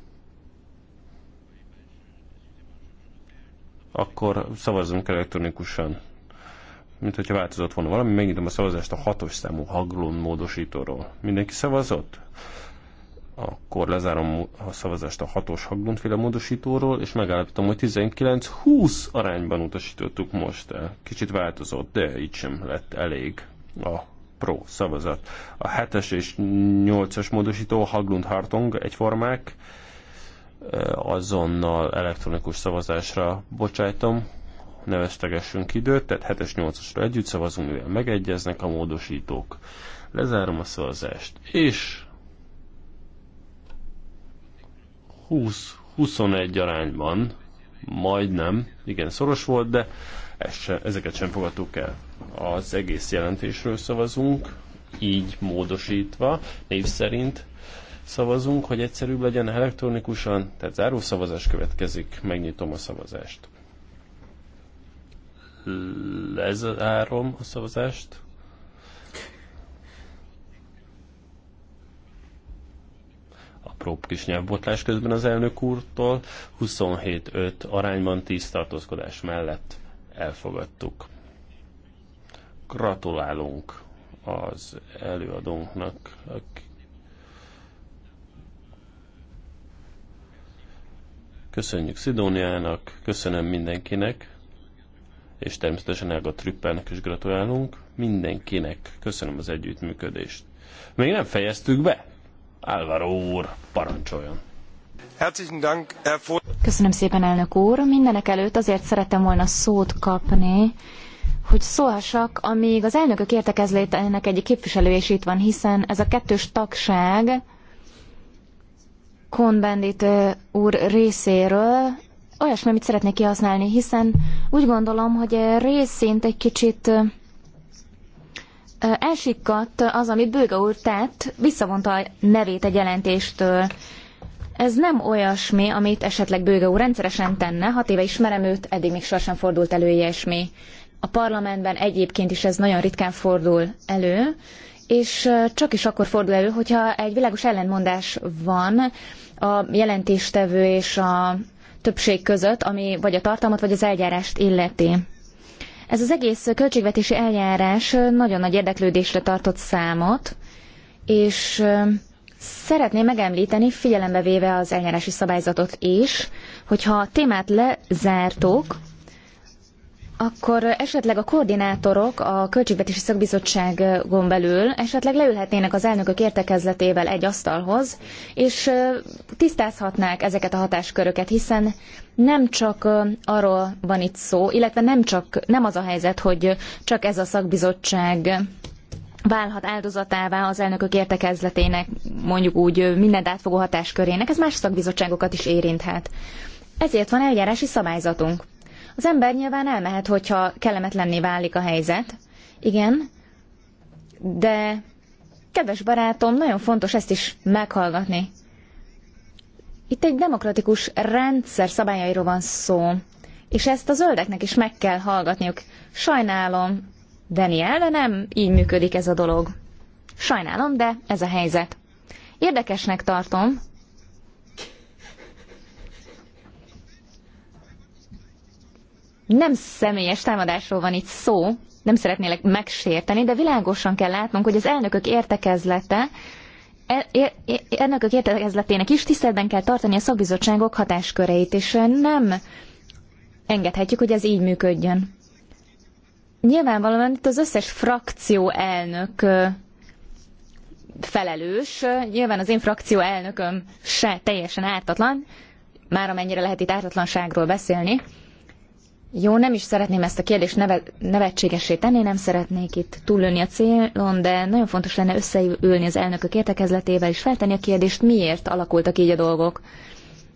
akkor szavazzunk elektronikusan. Mint hogyha változott volna valami, megnyitom a szavazást a hatos számú Haglund módosítóról. Mindenki szavazott? akkor lezárom a szavazást a hatos Haglundféle módosítóról, és megállapítom, hogy 19-20 arányban utasítottuk most el. Kicsit változott, de így sem lett elég a pro szavazat. A 7-es és 8-as módosító Haglund Hartong egyformák, azonnal elektronikus szavazásra bocsájtom, ne vesztegessünk időt, tehát 7-es, 8-asra együtt szavazunk, mivel megegyeznek a módosítók. Lezárom a szavazást, és 20-21 arányban, majdnem, igen, szoros volt, de ezt se, ezeket sem fogadtuk el. Az egész jelentésről szavazunk, így módosítva, név szerint szavazunk, hogy egyszerűbb legyen elektronikusan, tehát záró szavazás következik, megnyitom a szavazást. Lezárom a szavazást. apró kis nyelvbotlás közben az elnök úrtól, 27-5 arányban 10 tartózkodás mellett elfogadtuk. Gratulálunk az előadónknak, Köszönjük Szidóniának, köszönöm mindenkinek, és természetesen Elga Trippelnek is gratulálunk. Mindenkinek köszönöm az együttműködést. Még nem fejeztük be? Álvaro úr, parancsoljon! Köszönöm szépen, elnök úr! Mindenek előtt azért szerettem volna szót kapni, hogy szólhassak, amíg az elnökök értekezlétenek egyik képviselő is itt van, hiszen ez a kettős tagság Kohn-Bendit úr részéről olyasmi, amit szeretnék kihasználni, hiszen úgy gondolom, hogy részint egy kicsit Elsikkadt az, amit Böge úr tett, visszavonta a nevét egy jelentéstől. Ez nem olyasmi, amit esetleg Böge úr rendszeresen tenne, hat éve ismerem őt, eddig még sosem fordult elő ilyesmi. A parlamentben egyébként is ez nagyon ritkán fordul elő, és csak is akkor fordul elő, hogyha egy világos ellentmondás van a jelentéstevő és a többség között, ami vagy a tartalmat, vagy az eljárást illeti. Ez az egész költségvetési eljárás nagyon nagy érdeklődésre tartott számot, és szeretném megemlíteni, figyelembe véve az eljárási szabályzatot is, hogyha a témát lezártuk, akkor esetleg a koordinátorok a Költségvetési Szakbizottságon belül esetleg leülhetnének az elnökök értekezletével egy asztalhoz, és tisztázhatnák ezeket a hatásköröket, hiszen nem csak arról van itt szó, illetve nem, csak, nem az a helyzet, hogy csak ez a szakbizottság válhat áldozatává az elnökök értekezletének, mondjuk úgy mindent átfogó hatáskörének, ez más szakbizottságokat is érinthet. Ezért van eljárási szabályzatunk. Az ember nyilván elmehet, hogyha kellemetlenné válik a helyzet. Igen, de kedves barátom, nagyon fontos ezt is meghallgatni. Itt egy demokratikus rendszer szabályairól van szó, és ezt a zöldeknek is meg kell hallgatniuk. Sajnálom, Daniel, de nem így működik ez a dolog. Sajnálom, de ez a helyzet. Érdekesnek tartom, nem személyes támadásról van itt szó, nem szeretnélek megsérteni, de világosan kell látnunk, hogy az elnökök értekezlete E, e, e, ennek a kérdezletének is tiszteletben kell tartani a szakbizottságok hatásköreit, és nem engedhetjük, hogy ez így működjön. Nyilvánvalóan itt az összes frakció elnök felelős, nyilván az én frakció elnököm se teljesen ártatlan, már amennyire lehet itt ártatlanságról beszélni, jó, nem is szeretném ezt a kérdést neve- nevetségesé tenni, nem szeretnék itt túllőni a célon, de nagyon fontos lenne összeülni az elnökök értekezletével és feltenni a kérdést, miért alakultak így a dolgok.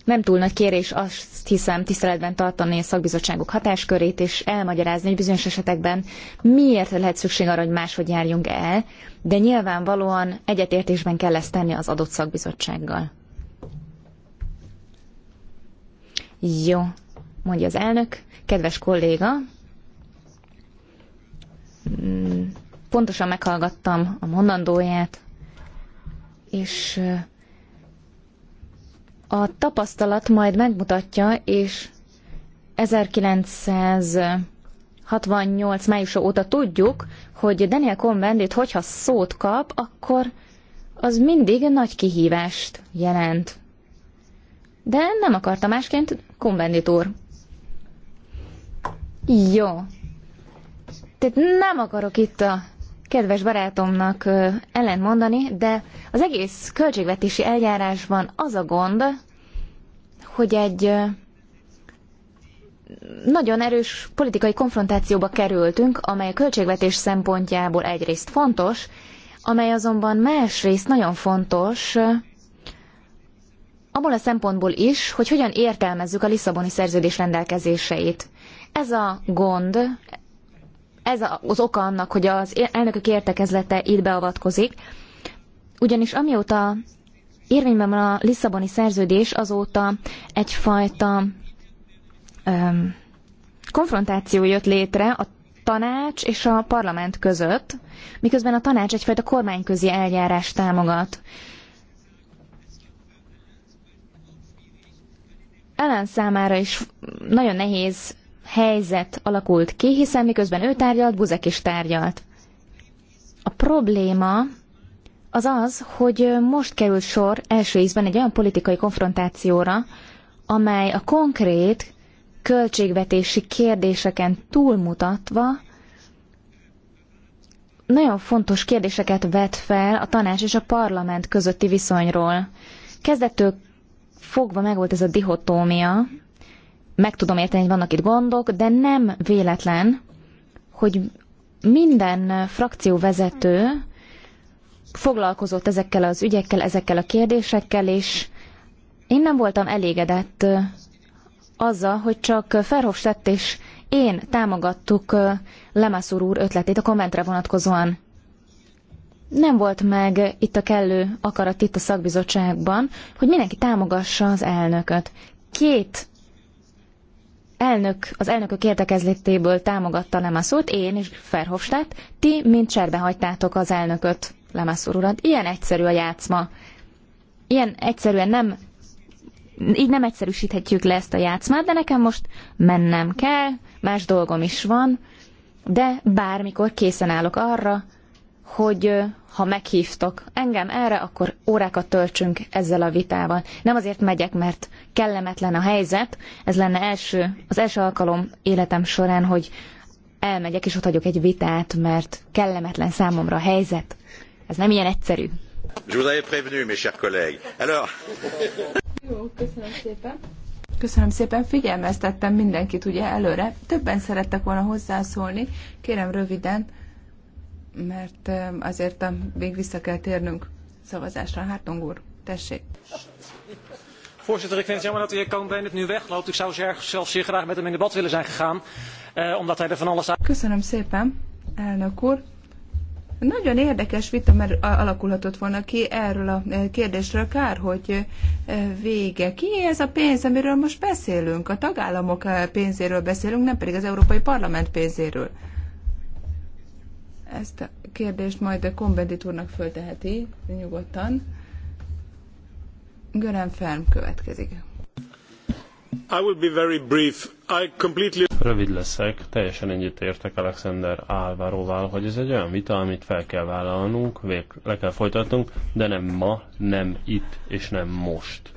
Nem túl nagy kérés azt hiszem tiszteletben tartani a szakbizottságok hatáskörét, és elmagyarázni, hogy bizonyos esetekben miért lehet szükség arra, hogy máshogy járjunk el, de nyilvánvalóan egyetértésben kell ezt tenni az adott szakbizottsággal. Jó, mondja az elnök. Kedves kolléga, mm, pontosan meghallgattam a mondandóját, és a tapasztalat majd megmutatja, és 1968 májusa óta tudjuk, hogy Daniel Cohn-Bendit, hogyha szót kap, akkor az mindig nagy kihívást jelent. De nem akarta másként, Cohn-Bendit úr. Jó. Tehát nem akarok itt a kedves barátomnak ellent mondani, de az egész költségvetési eljárásban az a gond, hogy egy nagyon erős politikai konfrontációba kerültünk, amely a költségvetés szempontjából egyrészt fontos, amely azonban másrészt nagyon fontos abból a szempontból is, hogy hogyan értelmezzük a Lisszaboni szerződés rendelkezéseit. Ez a gond, ez az oka annak, hogy az elnökök értekezlete itt beavatkozik, ugyanis amióta érvényben van a Lisszaboni szerződés, azóta egyfajta öm, konfrontáció jött létre a tanács és a parlament között, miközben a tanács egyfajta kormányközi eljárást támogat. Ellen számára is nagyon nehéz helyzet alakult ki, hiszen miközben ő tárgyalt, Buzek is tárgyalt. A probléma az az, hogy most került sor első ízben egy olyan politikai konfrontációra, amely a konkrét költségvetési kérdéseken túlmutatva nagyon fontos kérdéseket vet fel a tanács és a parlament közötti viszonyról. Kezdettől fogva megvolt ez a dihotómia, meg tudom érteni, hogy vannak itt gondok, de nem véletlen, hogy minden frakcióvezető foglalkozott ezekkel az ügyekkel, ezekkel a kérdésekkel, és én nem voltam elégedett azzal, hogy csak Ferhofstadt és én támogattuk Lemaszur úr ötletét a kommentre vonatkozóan. Nem volt meg itt a kellő akarat itt a szakbizottságban, hogy mindenki támogassa az elnököt. Két elnök, az elnökök értekezlétéből támogatta Lemaszurt, én és Ferhofstadt, ti mind cserbe hagytátok az elnököt, Lemaszur urat. Ilyen egyszerű a játszma. Ilyen egyszerűen nem, így nem egyszerűsíthetjük le ezt a játszmát, de nekem most mennem kell, más dolgom is van, de bármikor készen állok arra, hogy ha meghívtok engem erre, akkor órákat töltsünk ezzel a vitával. Nem azért megyek, mert kellemetlen a helyzet, ez lenne első, az első alkalom életem során, hogy elmegyek és ott hagyok egy vitát, mert kellemetlen számomra a helyzet. Ez nem ilyen egyszerű. Je vous avais prévenu, mes chers collègues. Alors... Jó, köszönöm szépen. Köszönöm szépen, figyelmeztettem mindenkit ugye előre. Többen szerettek volna hozzászólni. Kérem röviden, mert azért még vissza kell térnünk szavazásra. Hártong úr, tessék. Voorzitter, ik vind het jammer dat de heer Cohn-Bendit het nu wegloopt. Ik zou zelfs zeer graag met hem in debat willen zijn gegaan, eh, omdat hij er van alles aan... Köszönöm szépen, elnök úr. Nagyon érdekes vita mert alakulhatott volna ki erről a eh, kérdésről. Kár, hogy eh, vége. Ki ez a pénz, amiről most beszélünk? A tagállamok eh, pénzéről beszélünk, nem pedig az Európai Parlament pénzéről. Ezt a kérdést majd a Kombendit úrnak fölteheti nyugodtan. Görem Ferm következik. I will be very brief. I completely... Rövid leszek, teljesen ennyit értek Alexander Álvaróval, hogy ez egy olyan vita, amit fel kell vállalnunk, le kell folytatnunk, de nem ma, nem itt és nem most.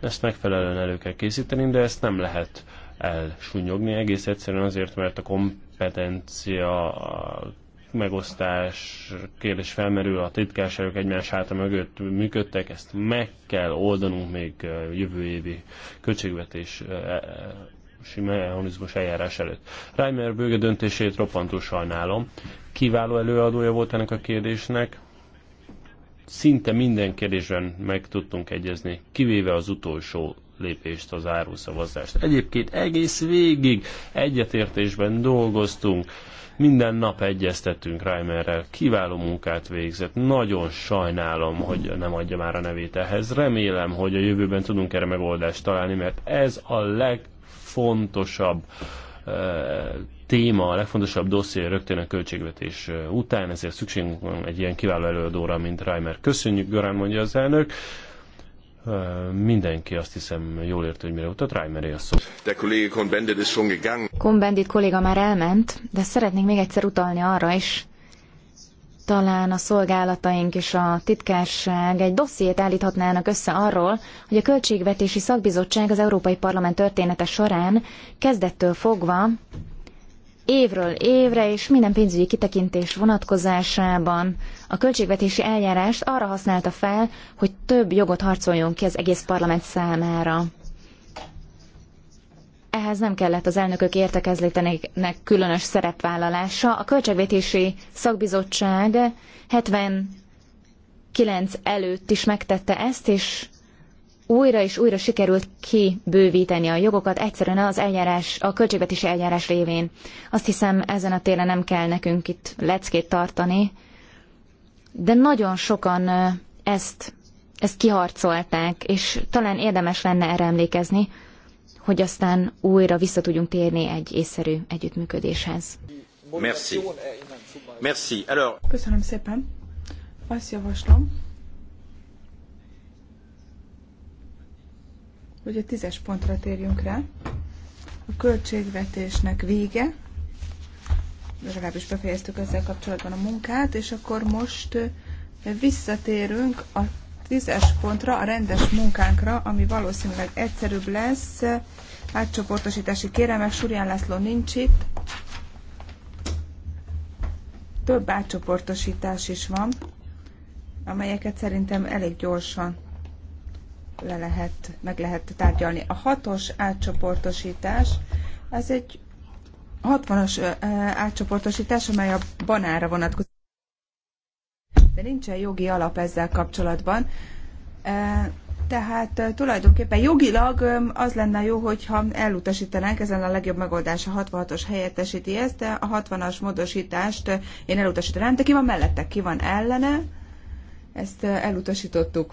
Ezt megfelelően elő kell készíteni, de ezt nem lehet elsúnyogni egész egyszerűen azért, mert a kompetencia megosztás kérdés felmerül, a titkárságok egymás háta mögött működtek, ezt meg kell oldanunk még jövő évi költségvetés e, e, mechanizmus eljárás előtt. Reimer bőge döntését roppantó sajnálom. Kiváló előadója volt ennek a kérdésnek. Szinte minden kérdésben meg tudtunk egyezni, kivéve az utolsó lépést, az árószavazást. Egyébként egész végig egyetértésben dolgoztunk minden nap egyeztettünk Reimerrel, kiváló munkát végzett, nagyon sajnálom, hogy nem adja már a nevét ehhez. Remélem, hogy a jövőben tudunk erre megoldást találni, mert ez a legfontosabb eh, téma, a legfontosabb dosszié rögtön a költségvetés eh, után, ezért szükségünk van egy ilyen kiváló előadóra, mint Reimer. Köszönjük, Görán mondja az elnök mindenki azt hiszem jól érti, hogy mire utat. Reimeré a szó. De kollégi Kohn-Bendit is schon gegangen. Kohn-Bendit kolléga már elment, de szeretnék még egyszer utalni arra is, talán a szolgálataink és a titkárság egy dossziét állíthatnának össze arról, hogy a Költségvetési Szakbizottság az Európai Parlament története során kezdettől fogva évről évre és minden pénzügyi kitekintés vonatkozásában a költségvetési eljárást arra használta fel, hogy több jogot harcoljon ki az egész parlament számára. Ehhez nem kellett az elnökök értekezlétenek különös szerepvállalása. A költségvetési szakbizottság 79 előtt is megtette ezt, és újra és újra sikerült kibővíteni a jogokat, egyszerűen az eljárás, a költségvetési eljárás révén. Azt hiszem, ezen a téren nem kell nekünk itt leckét tartani, de nagyon sokan ezt, ezt kiharcolták, és talán érdemes lenne erre emlékezni, hogy aztán újra vissza tudjunk térni egy észszerű együttműködéshez. Merci. Merci. Alors... Köszönöm szépen. Azt javaslom, hogy a tízes pontra térjünk rá. A költségvetésnek vége, legalábbis befejeztük ezzel kapcsolatban a munkát, és akkor most visszatérünk a tízes pontra, a rendes munkánkra, ami valószínűleg egyszerűbb lesz. Átcsoportosítási kéremek, Surján László nincs itt. Több átcsoportosítás is van, amelyeket szerintem elég gyorsan le lehet, meg lehet tárgyalni. A hatos átcsoportosítás, ez egy 60-as átcsoportosítás, amely a banára vonatkozik. De nincsen jogi alap ezzel kapcsolatban. Tehát tulajdonképpen jogilag az lenne jó, hogyha elutasítanánk, ezen a legjobb megoldás a 66-os helyettesíti ezt, de a 60-as módosítást én elutasítanám, de ki van mellette, ki van ellene, ezt elutasítottuk.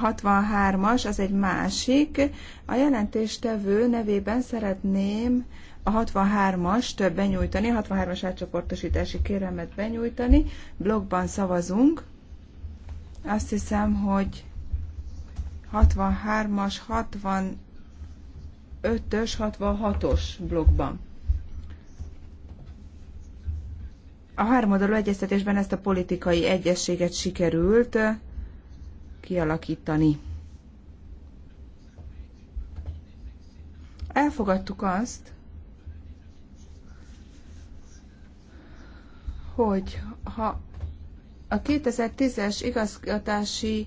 63-as, az egy másik. A jelentéstevő nevében szeretném a 63-ast benyújtani, a 63-as átcsoportosítási kérelmet benyújtani. Blogban szavazunk. Azt hiszem, hogy 63-as, 65-ös, 66-os blogban. A háromadaló egyeztetésben ezt a politikai egyességet sikerült kialakítani. Elfogadtuk azt, hogy ha a 2010-es igazgatási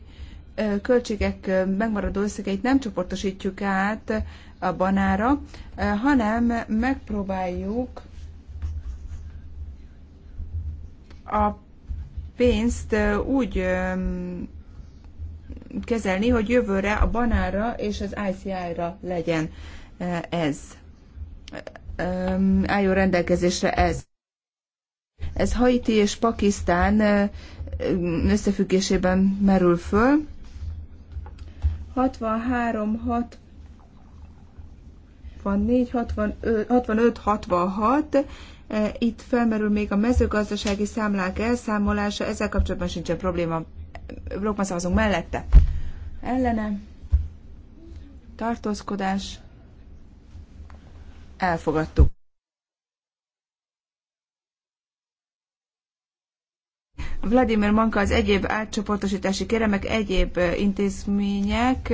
költségek megmaradó összegeit nem csoportosítjuk át a banára, hanem megpróbáljuk a pénzt úgy kezelni, hogy jövőre a banára és az ICI-ra legyen e, ez. E, álljon rendelkezésre ez. Ez Haiti és Pakisztán e, összefüggésében merül föl. 63, 6, 64, 65, 65 66, itt felmerül még a mezőgazdasági számlák elszámolása, ezzel kapcsolatban sincsen probléma. Blokkban szavazunk mellette ellene, tartózkodás, elfogadtuk. Vladimir Manka az egyéb átcsoportosítási kéremek, egyéb intézmények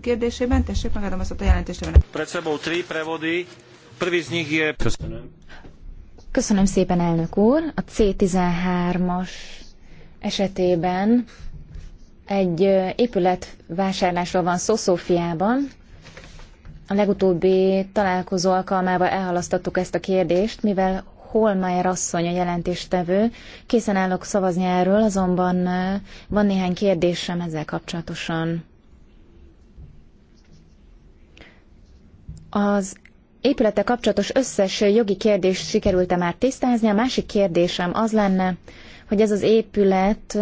kérdésében. Tessék, megadom azt a jelentést. Köszönöm. Köszönöm szépen, elnök úr. A C13-as esetében egy épület vásárlásról van szó Szófiában. A legutóbbi találkozó alkalmával elhalasztottuk ezt a kérdést, mivel Holmeier asszony a jelentéstevő. Készen állok szavazni erről, azonban van néhány kérdésem ezzel kapcsolatosan. Az épülete kapcsolatos összes jogi kérdést sikerült-e már tisztázni? A másik kérdésem az lenne, hogy ez az épület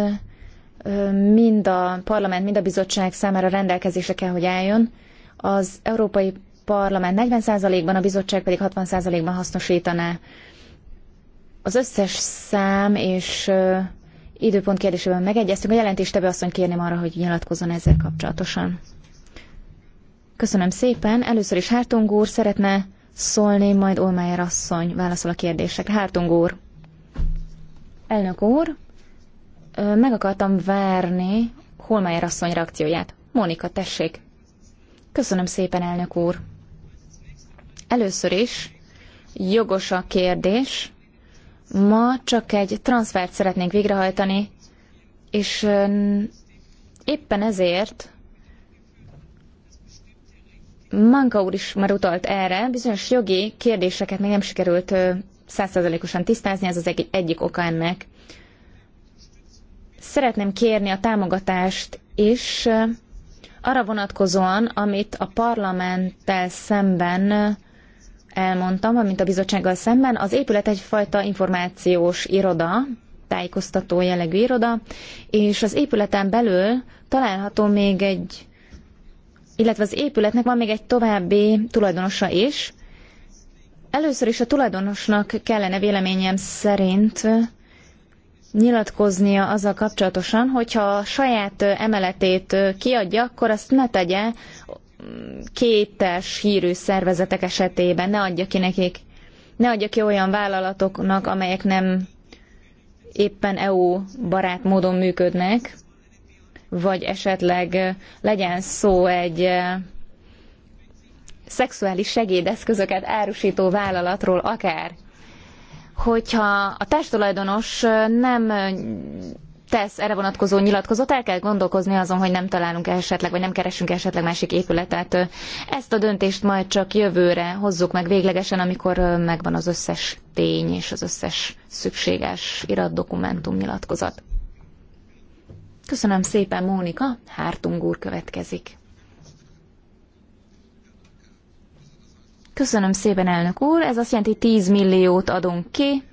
mind a parlament, mind a bizottság számára rendelkezésre kell, hogy álljon. Az Európai Parlament 40%-ban, a bizottság pedig 60%-ban hasznosítaná. Az összes szám és időpont kérdésében megegyeztünk. A jelentéstevő asszony kérném arra, hogy nyilatkozzon ezzel kapcsolatosan. Köszönöm szépen. Először is Hártong úr szeretne szólni, majd Olmájer asszony válaszol a kérdésekre. Hártong úr. Elnök úr, meg akartam várni Holmeyer asszony reakcióját. Mónika, tessék! Köszönöm szépen, elnök úr! Először is jogos a kérdés. Ma csak egy transfert szeretnénk végrehajtani, és éppen ezért Manka úr is már utalt erre, bizonyos jogi kérdéseket még nem sikerült százszerzalékosan tisztázni, ez az egyik oka ennek. Szeretném kérni a támogatást is arra vonatkozóan, amit a parlamenttel szemben elmondtam, amint a bizottsággal szemben, az épület egyfajta információs iroda, tájékoztató jellegű iroda, és az épületen belül található még egy, illetve az épületnek van még egy további tulajdonosa is. Először is a tulajdonosnak kellene véleményem szerint nyilatkoznia azzal kapcsolatosan, hogyha a saját emeletét kiadja, akkor azt ne tegye mm, kétes hírű szervezetek esetében, ne adja ki nekik, ne adja ki olyan vállalatoknak, amelyek nem éppen EU barát módon működnek, vagy esetleg legyen szó egy szexuális segédeszközöket árusító vállalatról akár hogyha a társtulajdonos nem tesz erre vonatkozó nyilatkozót, el kell gondolkozni azon, hogy nem találunk esetleg, vagy nem keresünk esetleg másik épületet. Ezt a döntést majd csak jövőre hozzuk meg véglegesen, amikor megvan az összes tény és az összes szükséges iratdokumentum nyilatkozat. Köszönöm szépen, Mónika. Hártung úr következik. Köszönöm szépen, elnök úr. Ez azt jelenti, 10 milliót adunk ki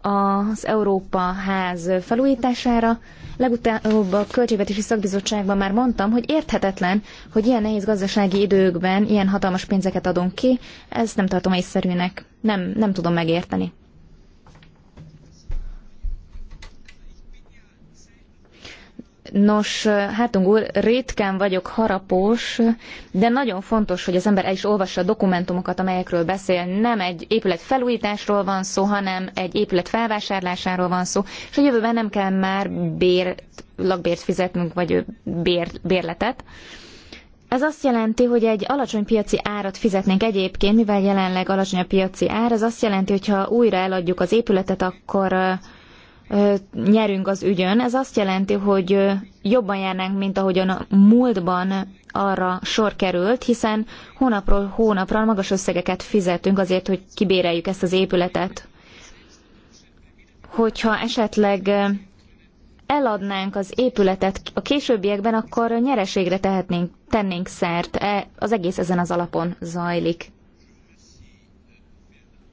az Európa ház felújítására. Legutóbb a Költségvetési Szakbizottságban már mondtam, hogy érthetetlen, hogy ilyen nehéz gazdasági időkben ilyen hatalmas pénzeket adunk ki. Ezt nem tartom észszerűnek. Nem, nem tudom megérteni. Nos, Hártung úr, ritkán vagyok harapós, de nagyon fontos, hogy az ember el is olvassa a dokumentumokat, amelyekről beszél. Nem egy épület felújításról van szó, hanem egy épület felvásárlásáról van szó, és a jövőben nem kell már bér, lakbért fizetnünk, vagy bér, bérletet. Ez azt jelenti, hogy egy alacsony piaci árat fizetnénk egyébként, mivel jelenleg alacsony a piaci ár, ez azt jelenti, hogy ha újra eladjuk az épületet, akkor nyerünk az ügyön. Ez azt jelenti, hogy jobban járnánk, mint ahogyan a múltban arra sor került, hiszen hónapról hónapra magas összegeket fizetünk azért, hogy kibéreljük ezt az épületet. Hogyha esetleg eladnánk az épületet a későbbiekben, akkor nyereségre tehetnénk, tennénk szert. E, az egész ezen az alapon zajlik.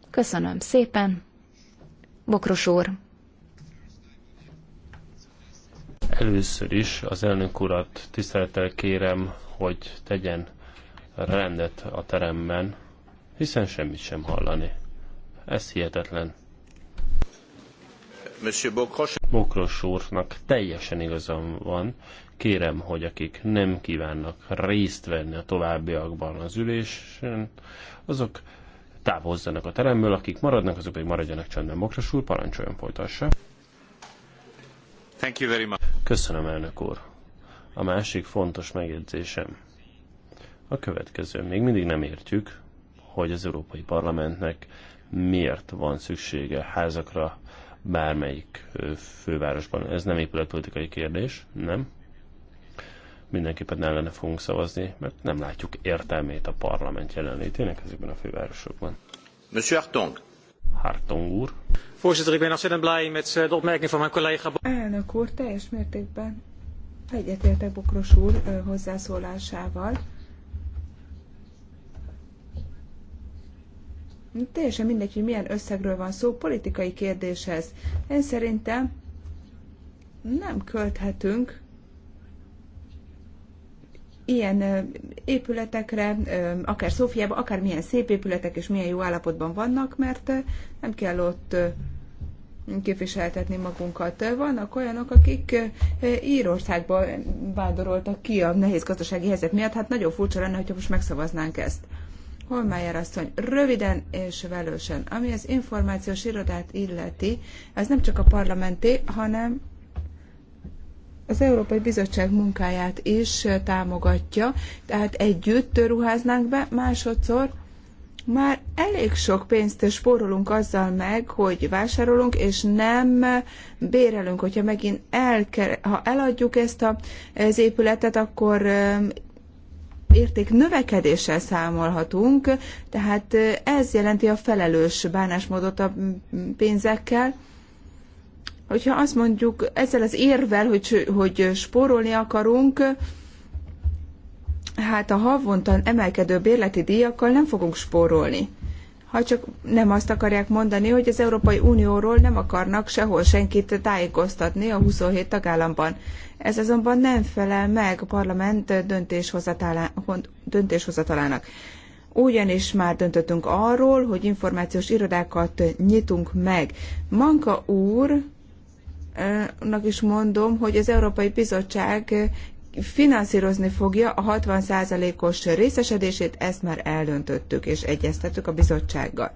Köszönöm szépen. Bokros úr. Először is az elnök urat tisztelettel kérem, hogy tegyen rendet a teremben, hiszen semmit sem hallani. Ez hihetetlen. Bokros úrnak teljesen igazam van. Kérem, hogy akik nem kívánnak részt venni a továbbiakban az ülésen, azok távozzanak a teremből, akik maradnak, azok pedig maradjanak csendben. Bokros úr, parancsoljon, folytassa. Köszönöm, elnök úr. A másik fontos megjegyzésem a következő. Még mindig nem értjük, hogy az Európai Parlamentnek miért van szüksége házakra bármelyik fővárosban. Ez nem épületpolitikai kérdés, nem? Mindenképpen ellene fogunk szavazni, mert nem látjuk értelmét a parlament jelenlétének ezekben a fővárosokban. Monsieur Artong. Hartong úr. Voorzitter, ik ben ontzettend blij met eh, de opmerking van mijn collega. Elnök úr, teljes mértékben egyetértek Bokros úr eh, hozzászólásával. Teljesen mindegy, hogy milyen összegről van szó, politikai kérdéshez. Én szerintem nem költhetünk ilyen épületekre, akár Szófiában, akár milyen szép épületek és milyen jó állapotban vannak, mert nem kell ott képviseltetni magunkat. Vannak olyanok, akik Írországba vándoroltak ki a nehéz gazdasági helyzet miatt, hát nagyon furcsa lenne, hogyha most megszavaznánk ezt. Holmájer asszony, röviden és velősen, ami az információs irodát illeti, ez nem csak a parlamenté, hanem az Európai Bizottság munkáját is támogatja, tehát együtt ruháznánk be, másodszor már elég sok pénzt spórolunk azzal meg, hogy vásárolunk, és nem bérelünk. Hogyha megint ha eladjuk ezt a, az épületet, akkor érték növekedéssel számolhatunk, tehát ez jelenti a felelős bánásmódot a pénzekkel hogyha azt mondjuk ezzel az érvel, hogy, hogy spórolni akarunk, hát a havonta emelkedő bérleti díjakkal nem fogunk spórolni. Ha csak nem azt akarják mondani, hogy az Európai Unióról nem akarnak sehol senkit tájékoztatni a 27 tagállamban. Ez azonban nem felel meg a parlament döntéshozatalának. Ugyanis már döntöttünk arról, hogy információs irodákat nyitunk meg. Manka úr is mondom, hogy az Európai Bizottság finanszírozni fogja a 60%-os részesedését, ezt már eldöntöttük és egyeztettük a bizottsággal.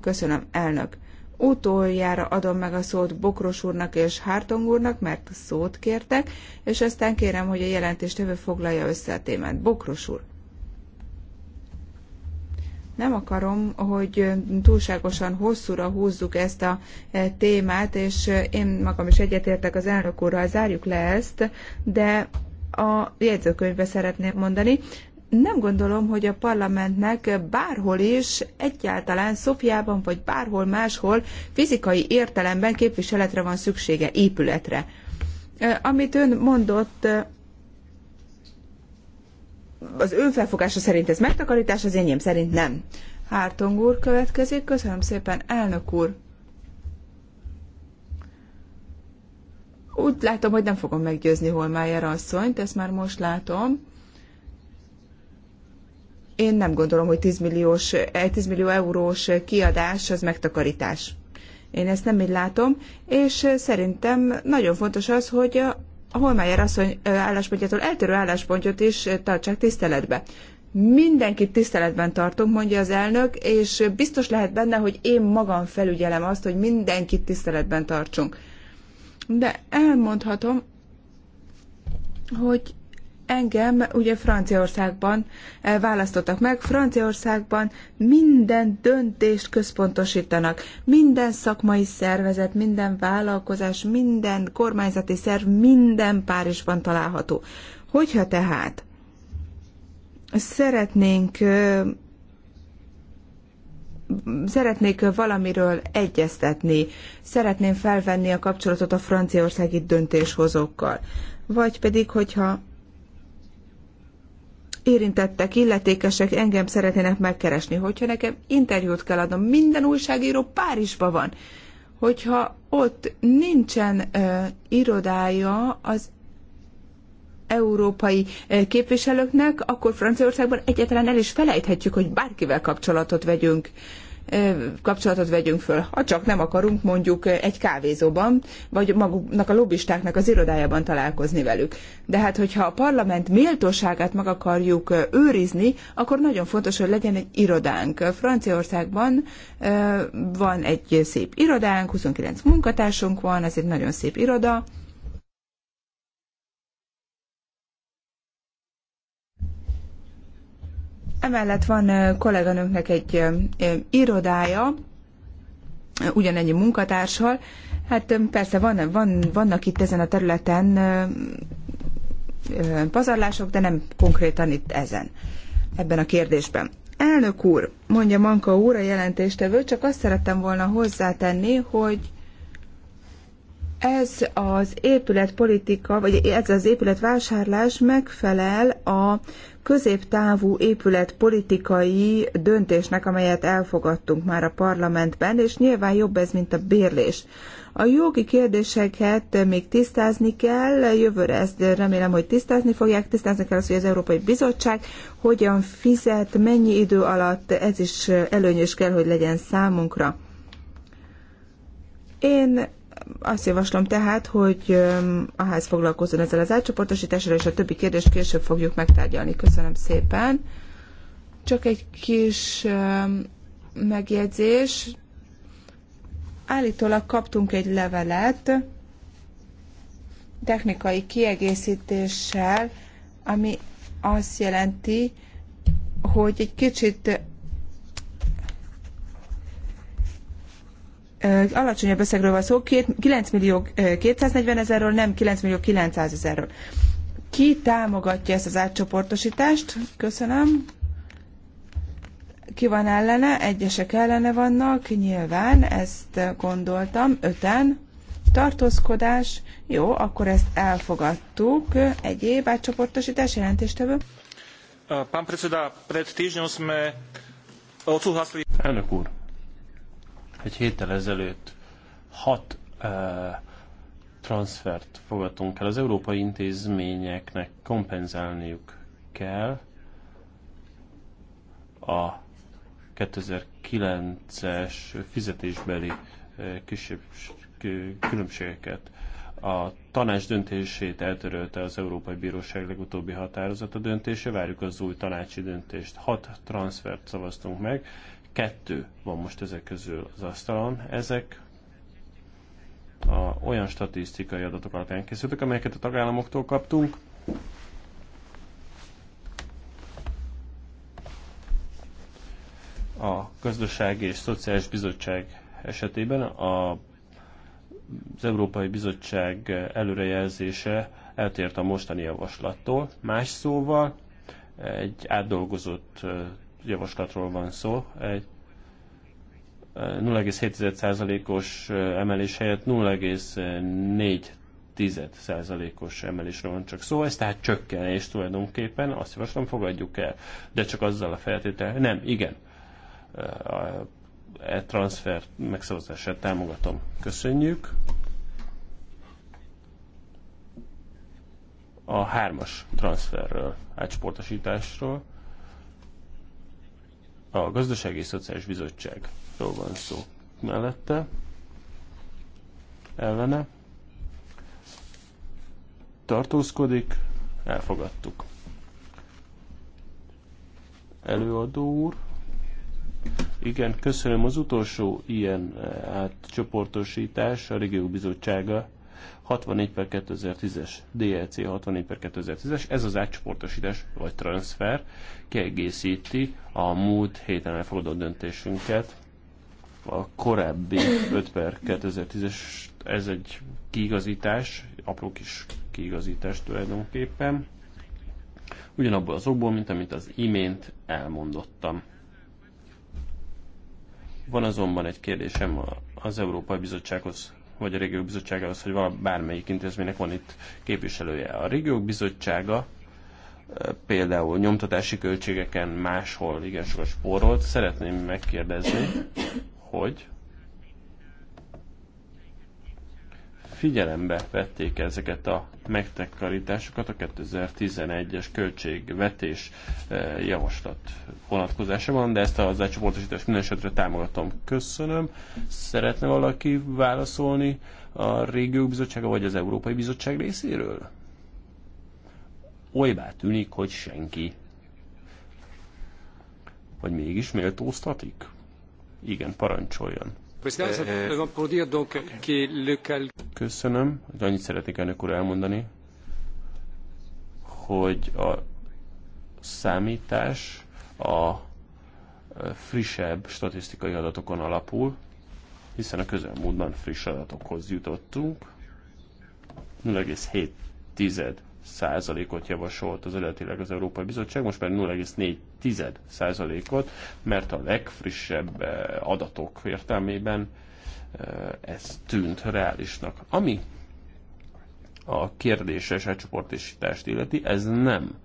Köszönöm, elnök. Utoljára adom meg a szót Bokros úrnak és Hártong úrnak, mert szót kértek, és aztán kérem, hogy a jelentéstevő foglalja össze a témát. Bokros úr. Nem akarom, hogy túlságosan hosszúra húzzuk ezt a e, témát, és e, én magam is egyetértek az elnök úrral, zárjuk le ezt, de a jegyzőkönyvbe szeretném mondani, nem gondolom, hogy a parlamentnek bárhol is, egyáltalán Szofiában vagy bárhol máshol fizikai értelemben képviseletre van szüksége, épületre. E, amit ön mondott az ön felfogása szerint ez megtakarítás, az enyém szerint nem. Hártong úr következik. Köszönöm szépen, elnök úr. Úgy látom, hogy nem fogom meggyőzni Holmájer asszonyt, ezt már most látom. Én nem gondolom, hogy 10, milliós, 10 eh, millió eurós kiadás az megtakarítás. Én ezt nem így látom, és szerintem nagyon fontos az, hogy a Holmájer asszony álláspontjától eltérő álláspontját is tartsák tiszteletbe. Mindenkit tiszteletben tartunk, mondja az elnök, és biztos lehet benne, hogy én magam felügyelem azt, hogy mindenkit tiszteletben tartsunk. De elmondhatom, hogy engem ugye Franciaországban eh, választottak meg. Franciaországban minden döntést központosítanak. Minden szakmai szervezet, minden vállalkozás, minden kormányzati szerv, minden Párizsban található. Hogyha tehát szeretnénk eh, szeretnék valamiről egyeztetni, szeretném felvenni a kapcsolatot a franciaországi döntéshozókkal. Vagy pedig, hogyha érintettek, illetékesek engem szeretnének megkeresni, hogyha nekem interjút kell adnom, minden újságíró Párizsban van, hogyha ott nincsen ö, irodája az európai képviselőknek, akkor Franciaországban egyáltalán el is felejthetjük, hogy bárkivel kapcsolatot vegyünk. Ö, kapcsolatot vegyünk föl. Ha csak nem akarunk mondjuk egy kávézóban, vagy maguknak a lobbistáknak az irodájában találkozni velük. De hát, hogyha a parlament méltóságát meg akarjuk őrizni, akkor nagyon fontos, hogy legyen egy irodánk. Franciaországban van egy szép irodánk, 29 munkatársunk van, ez egy nagyon szép iroda, Emellett van kolléganőknek egy irodája, ugyanennyi munkatársal. Hát persze van, van, vannak itt ezen a területen pazarlások, de nem konkrétan itt ezen, ebben a kérdésben. Elnök úr, mondja Manka úr a jelentéstevő, csak azt szerettem volna hozzátenni, hogy ez az épületpolitika, vagy ez az épületvásárlás megfelel a középtávú épületpolitikai döntésnek, amelyet elfogadtunk már a parlamentben, és nyilván jobb ez, mint a bérlés. A jogi kérdéseket még tisztázni kell, jövőre ezt remélem, hogy tisztázni fogják, tisztázni kell azt, hogy az Európai Bizottság hogyan fizet, mennyi idő alatt, ez is előnyös kell, hogy legyen számunkra. Én azt javaslom tehát, hogy a ház foglalkozzon ezzel az átcsoportosításra, és a többi kérdést később fogjuk megtárgyalni. Köszönöm szépen. Csak egy kis megjegyzés. Állítólag kaptunk egy levelet technikai kiegészítéssel, ami azt jelenti, hogy egy kicsit alacsonyabb összegről van szó, 9 millió 240 ezerről, nem 9 millió 900 ezerről. Ki támogatja ezt az átcsoportosítást? Köszönöm. Ki van ellene? Egyesek ellene vannak, nyilván, ezt gondoltam, öten. Tartózkodás, jó, akkor ezt elfogadtuk. Egyéb átcsoportosítás, jelentéstevő? Pán predseda, pred týždňom sme odsúhlasili... Elnök úr, egy héttel ezelőtt hat uh, transfert fogadtunk el. Az európai intézményeknek kompenzálniuk kell a 2009-es fizetésbeli kisebb különbségeket. A tanács döntését eltörölte az Európai Bíróság legutóbbi határozata döntése, várjuk az új tanácsi döntést. Hat transfert szavaztunk meg, Kettő van most ezek közül az asztalon. Ezek a, olyan statisztikai adatok alapján készültek, amelyeket a tagállamoktól kaptunk. A Gazdasági és Szociális Bizottság esetében a, az Európai Bizottság előrejelzése eltért a mostani javaslattól. Más szóval egy átdolgozott javaslatról van szó. Egy 0,7%-os emelés helyett 0,4%-os emelésről van csak szó, ez tehát csökkenés tulajdonképpen, azt javaslom, fogadjuk el, de csak azzal a feltétel, nem, igen, e transfer megszavazását támogatom. Köszönjük. A hármas transferről, átsportosításról a Gazdasági és Szociális Bizottságról van szó. Mellette ellene tartózkodik, elfogadtuk. Előadó úr. Igen, köszönöm. Az utolsó ilyen eh, átcsoportosítás a Régió Bizottsága 64 per 2010-es, DLC 64 per 2010-es, ez az átcsoportosítás vagy transfer kiegészíti a múlt héten elfogadott döntésünket, a korábbi 5 per 2010-es, ez egy kiigazítás, apró kis kiigazítás tulajdonképpen, ugyanabból az okból, mint amit az imént elmondottam. Van azonban egy kérdésem az Európai Bizottsághoz vagy a régiók az, hogy van bármelyik intézménynek van itt képviselője. A régiók bizottsága például nyomtatási költségeken máshol igen sokat spórolt. Szeretném megkérdezni, hogy figyelembe vették ezeket a megtakarításokat a 2011-es költségvetés eh, javaslat vonatkozásában, de ezt a átcsoportosítást minden esetre támogatom. Köszönöm. Szeretne valaki válaszolni a Régiók Bizottsága vagy az Európai Bizottság részéről? Olybá tűnik, hogy senki. Vagy mégis méltóztatik? Igen, parancsoljon. Eh, eh. Köszönöm, hogy annyit szeretnék elnök úr elmondani, hogy a számítás a eh, frissebb statisztikai adatokon alapul, hiszen a közelmúltban friss adatokhoz jutottunk. 0,7 százalékot javasolt az eredetileg az Európai Bizottság, most már tized százalékot, mert a legfrissebb eh, adatok értelmében eh, ez tűnt reálisnak. Ami a kérdéses csoportosítást illeti, ez nem,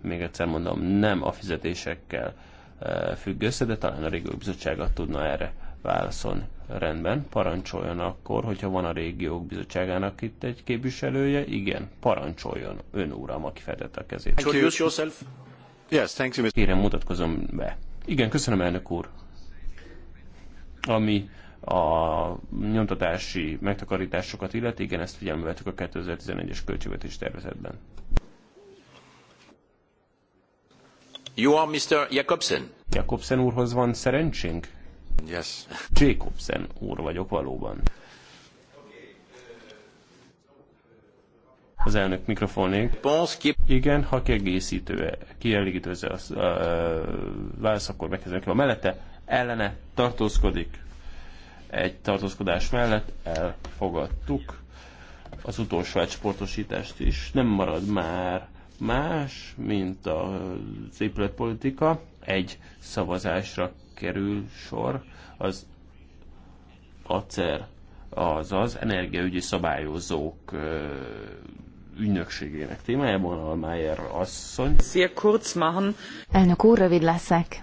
még egyszer mondom, nem a fizetésekkel eh, függ össze, de talán a régiók bizottsága tudna erre válaszolni. Rendben, parancsoljon akkor, hogyha van a régiók bizottságának itt egy képviselője, igen, parancsoljon ön úram, aki fedett a kezét. Introduce yourself. Kérem, mutatkozom be. Igen, köszönöm, elnök úr. Ami a nyomtatási megtakarításokat illeti, igen, ezt figyelme vettük a 2011-es költségvetés tervezetben. You are Mr. Jacobsen. Jacobsen úrhoz van szerencsénk? Yes. Jacobsen úr vagyok valóban. Az elnök mikrofonig Igen, ha kiegészítő, kielégítő ez a, a, a válasz, akkor megkezdünk a mellette. Ellene tartózkodik. Egy tartózkodás mellett elfogadtuk az utolsó egy sportosítást is. Nem marad már más, mint az épületpolitika. Egy szavazásra kerül sor az ACER, azaz energiaügyi szabályozók ügynökségének témájában, a Mayer asszony. Szia, kurz machen. Elnök úr, rövid leszek.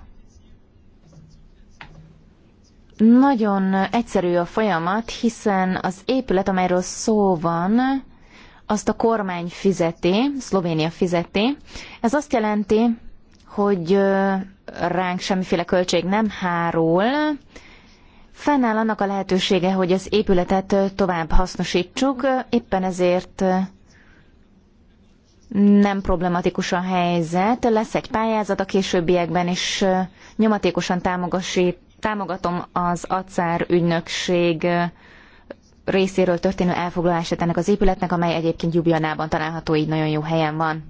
Nagyon egyszerű a folyamat, hiszen az épület, amelyről szó van, azt a kormány fizeti, Szlovénia fizeti. Ez azt jelenti, hogy ránk semmiféle költség nem hárul, Fennáll annak a lehetősége, hogy az épületet tovább hasznosítsuk, éppen ezért nem problematikus a helyzet. Lesz egy pályázat a későbbiekben, és nyomatékosan támogatom az ACER ügynökség részéről történő elfoglalását ennek az épületnek, amely egyébként Jubianában található, így nagyon jó helyen van.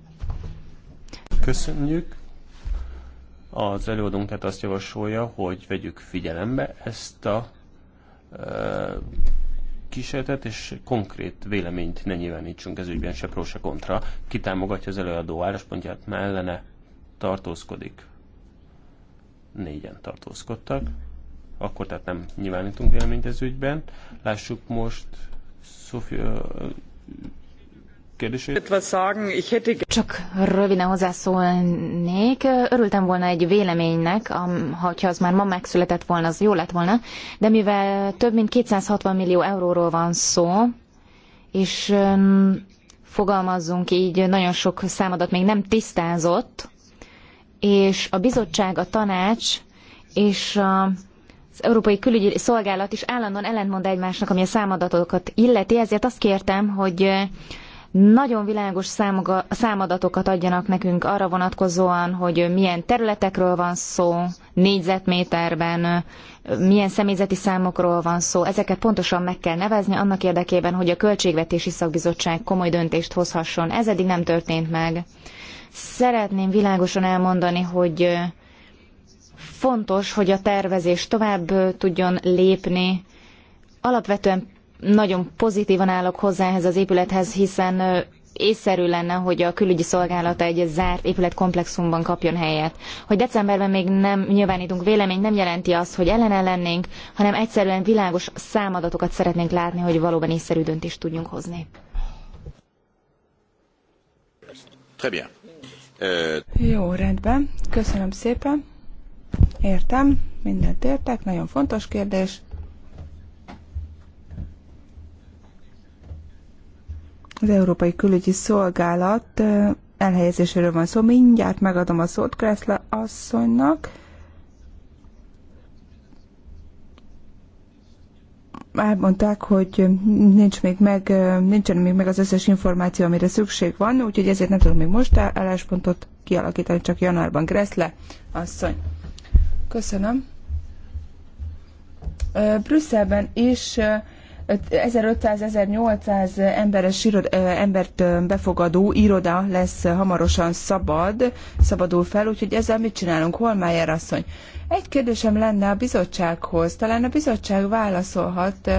Köszönjük. Az előadónk tehát azt javasolja, hogy vegyük figyelembe ezt a kísérletet, és konkrét véleményt ne nyilvánítsunk ez ügyben se pró, se kontra. Ki támogatja az előadó álláspontját, mellene tartózkodik. Négyen tartózkodtak. Akkor tehát nem nyilvánítunk véleményt ez ügyben. Lássuk most Sofia kérdését. Csak röviden hozzászólnék. Örültem volna egy véleménynek, ha az már ma megszületett volna, az jó lett volna, de mivel több mint 260 millió euróról van szó, és fogalmazzunk így, nagyon sok számadat még nem tisztázott, és a bizottság, a tanács és a az Európai Külügyi Szolgálat is állandóan ellentmond egymásnak, ami a számadatokat illeti, ezért azt kértem, hogy nagyon világos számoga, számadatokat adjanak nekünk arra vonatkozóan, hogy milyen területekről van szó, négyzetméterben, milyen személyzeti számokról van szó. Ezeket pontosan meg kell nevezni annak érdekében, hogy a Költségvetési Szakbizottság komoly döntést hozhasson. Ez eddig nem történt meg. Szeretném világosan elmondani, hogy fontos, hogy a tervezés tovább tudjon lépni. Alapvetően nagyon pozitívan állok hozzá ehhez az épülethez, hiszen észszerű lenne, hogy a külügyi szolgálata egy zárt épületkomplexumban kapjon helyet. Hogy decemberben még nem nyilvánítunk véleményt, nem jelenti azt, hogy ellene lennénk, hanem egyszerűen világos számadatokat szeretnénk látni, hogy valóban észszerű döntést tudjunk hozni. Très bien. Euh, Jó, rendben. Köszönöm szépen. Értem, mindent értek. Nagyon fontos kérdés. Az Európai Külügyi Szolgálat elhelyezéséről van szó. Mindjárt megadom a szót Kressle asszonynak. elmondták, hogy nincs még meg, nincsen még meg az összes információ, amire szükség van, úgyhogy ezért nem tudom, még most álláspontot kialakítani, csak januárban Gressle asszony. Köszönöm. Brüsszelben is 1500-1800 emberes embert befogadó iroda lesz hamarosan szabad, szabadul fel, úgyhogy ezzel mit csinálunk, Holmájer asszony? Egy kérdésem lenne a bizottsághoz, talán a bizottság válaszolhat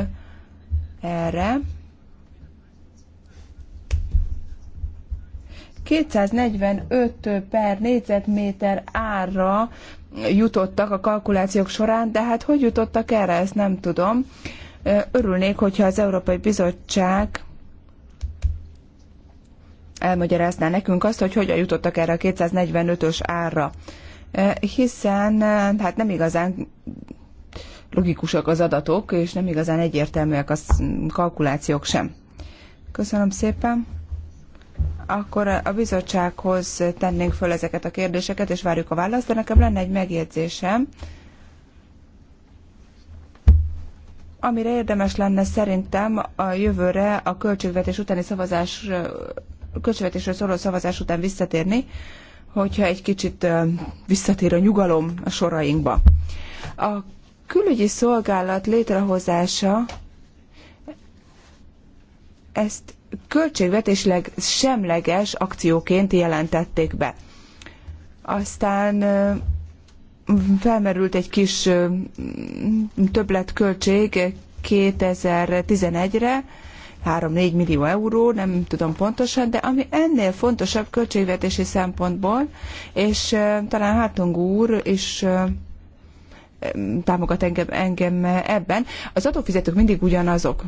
erre. 245 per négyzetméter árra jutottak a kalkulációk során, de hát hogy jutottak erre, ezt nem tudom. Örülnék, hogyha az Európai Bizottság elmagyarázná nekünk azt, hogy hogyan jutottak erre a 245-ös árra. Hiszen hát nem igazán logikusak az adatok, és nem igazán egyértelműek a kalkulációk sem. Köszönöm szépen. Akkor a bizottsághoz tennénk föl ezeket a kérdéseket, és várjuk a választ, de nekem lenne egy megjegyzésem. amire érdemes lenne szerintem a jövőre a költségvetés utáni szavazás, költségvetésről szóló szavazás után visszatérni, hogyha egy kicsit visszatér a nyugalom a sorainkba. A külügyi szolgálat létrehozása ezt költségvetésleg semleges akcióként jelentették be. Aztán felmerült egy kis többletköltség 2011-re, 3-4 millió euró, nem tudom pontosan, de ami ennél fontosabb költségvetési szempontból, és talán Hártong úr is támogat engem, engem ebben, az adófizetők mindig ugyanazok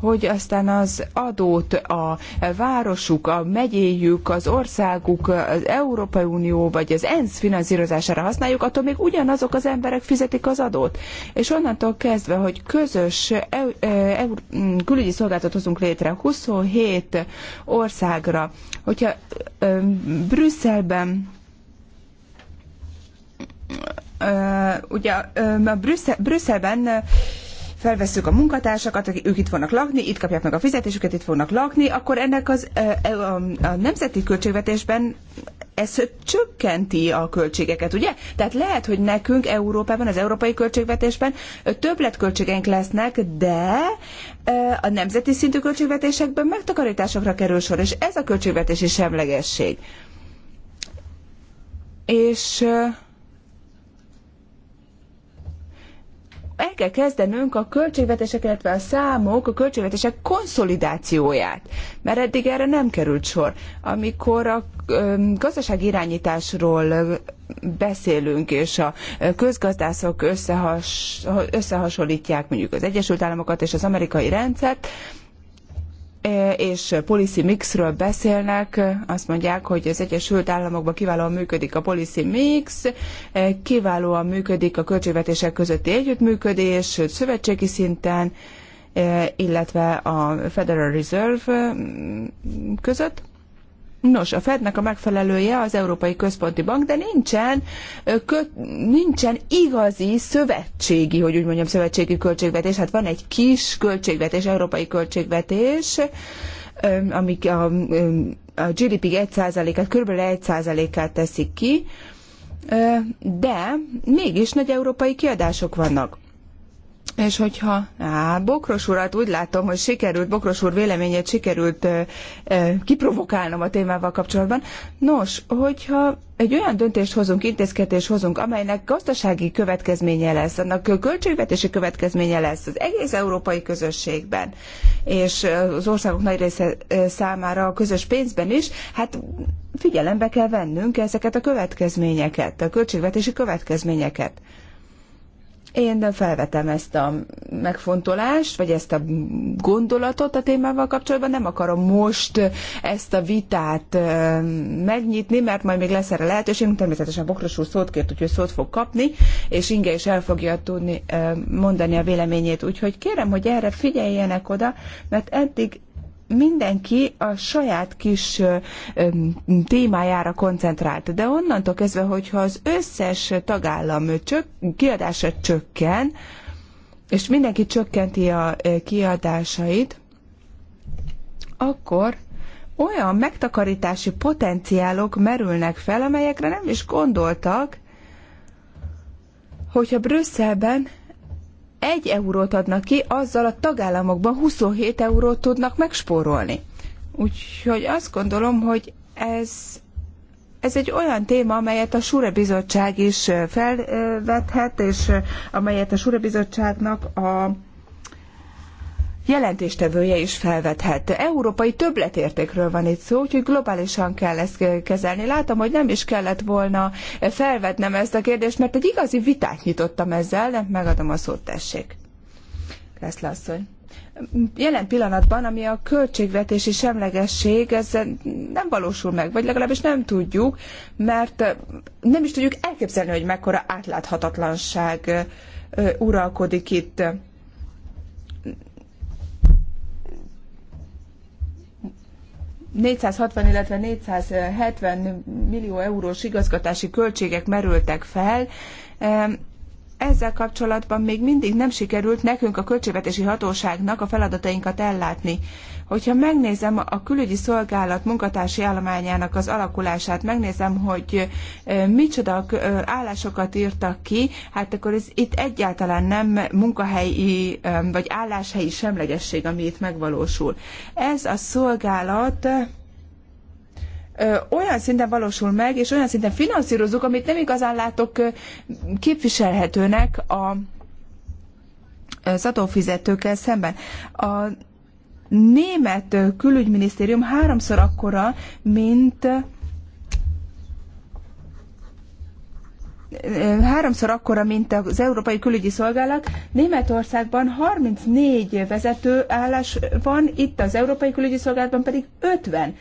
hogy aztán az adót a városuk, a megyéjük, az országuk, az Európai Unió vagy az ENSZ finanszírozására használjuk, attól még ugyanazok az emberek fizetik az adót. És onnantól kezdve, hogy közös e, külügyi szolgáltat hozunk létre 27 országra, hogyha Brüsszelben ugye Brüsszelben felvesszük a munkatársakat, akik ők itt fognak lakni, itt kapják meg a fizetésüket, itt fognak lakni, akkor ennek az, a, a, a nemzeti költségvetésben ez csökkenti a költségeket, ugye? Tehát lehet, hogy nekünk Európában, az európai költségvetésben többletköltségeink lesznek, de a nemzeti szintű költségvetésekben megtakarításokra kerül sor, és ez a költségvetési semlegesség. És el kell kezdenünk a költségvetések, illetve a számok, a költségvetések konszolidációját, mert eddig erre nem került sor. Amikor a gazdasági irányításról beszélünk, és a közgazdászok összehas, összehasonlítják mondjuk az Egyesült Államokat és az amerikai rendszert, E, és policy mixről beszélnek, azt mondják, hogy az Egyesült Államokban kiválóan működik a policy mix, e, kiválóan működik a költségvetések közötti együttműködés szövetségi szinten, e, illetve a Federal Reserve mm, között. Nos, a Fednek a megfelelője az Európai Központi Bank, de nincsen, kö, nincsen igazi szövetségi, hogy úgy mondjam, szövetségi költségvetés. Hát van egy kis költségvetés, európai költségvetés, amik a, a GDP 1%-át, kb. 1%-át teszik ki, de mégis nagy európai kiadások vannak. És hogyha á, Bokros urat úgy látom, hogy sikerült, Bokros úr véleményét sikerült ö, ö, kiprovokálnom a témával kapcsolatban. Nos, hogyha egy olyan döntést hozunk, intézkedést hozunk, amelynek gazdasági következménye lesz, annak költségvetési következménye lesz az egész európai közösségben, és az országok nagy része számára a közös pénzben is, hát figyelembe kell vennünk ezeket a következményeket, a költségvetési következményeket. Én felvetem ezt a megfontolást, vagy ezt a gondolatot a témával kapcsolatban. Nem akarom most ezt a vitát megnyitni, mert majd még lesz erre lehetőségünk. Természetesen Bokros úr szót kért, úgyhogy szót fog kapni, és Inge is el fogja tudni mondani a véleményét. Úgyhogy kérem, hogy erre figyeljenek oda, mert eddig mindenki a saját kis témájára koncentrált. De onnantól kezdve, hogyha az összes tagállam csök, kiadása csökken, és mindenki csökkenti a kiadásait, akkor olyan megtakarítási potenciálok merülnek fel, amelyekre nem is gondoltak, hogyha Brüsszelben 1 eurót adnak ki, azzal a tagállamokban 27 eurót tudnak megspórolni. Úgyhogy azt gondolom, hogy ez, ez egy olyan téma, amelyet a Súre Bizottság is felvethet, és amelyet a Súre Bizottságnak a jelentéstevője is felvethet. Európai többletértékről van itt szó, úgyhogy globálisan kell ezt kezelni. Látom, hogy nem is kellett volna felvetnem ezt a kérdést, mert egy igazi vitát nyitottam ezzel, de megadom a szót, tessék. Lesz asszony. Jelen pillanatban, ami a költségvetési semlegesség, ez nem valósul meg, vagy legalábbis nem tudjuk, mert nem is tudjuk elképzelni, hogy mekkora átláthatatlanság uralkodik itt. 460, illetve 470 millió eurós igazgatási költségek merültek fel, ezzel kapcsolatban még mindig nem sikerült nekünk a költségvetési hatóságnak a feladatainkat ellátni. Hogyha megnézem a külügyi szolgálat munkatársi állományának az alakulását, megnézem, hogy micsoda állásokat írtak ki, hát akkor ez itt egyáltalán nem munkahelyi vagy álláshelyi semlegesség, ami itt megvalósul. Ez a szolgálat olyan szinten valósul meg, és olyan szinten finanszírozzuk, amit nem igazán látok képviselhetőnek a az adófizetőkkel szemben. A német külügyminisztérium háromszor akkora, mint háromszor akkora, mint az Európai Külügyi Szolgálat. Németországban 34 vezető állás van, itt az Európai Külügyi Szolgálatban pedig 50.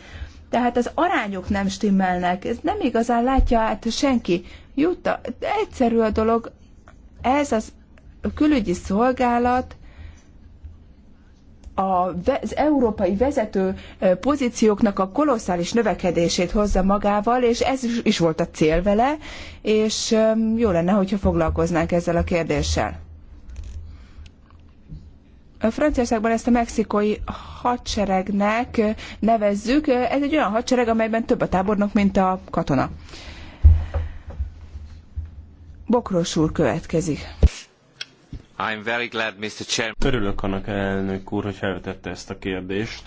Tehát az arányok nem stimmelnek, ez nem igazán látja át senki. Jutta, egyszerű a dolog, ez az külügyi szolgálat az európai vezető pozícióknak a kolosszális növekedését hozza magával, és ez is, is volt a cél vele, és jó lenne, hogyha foglalkoznánk ezzel a kérdéssel. Franciaországban ezt a mexikói hadseregnek nevezzük. Ez egy olyan hadsereg, amelyben több a tábornok, mint a katona. Bokros úr következik. I'm very glad, Mr. Chairman. Örülök annak elnök úr, hogy felvetette ezt a kérdést.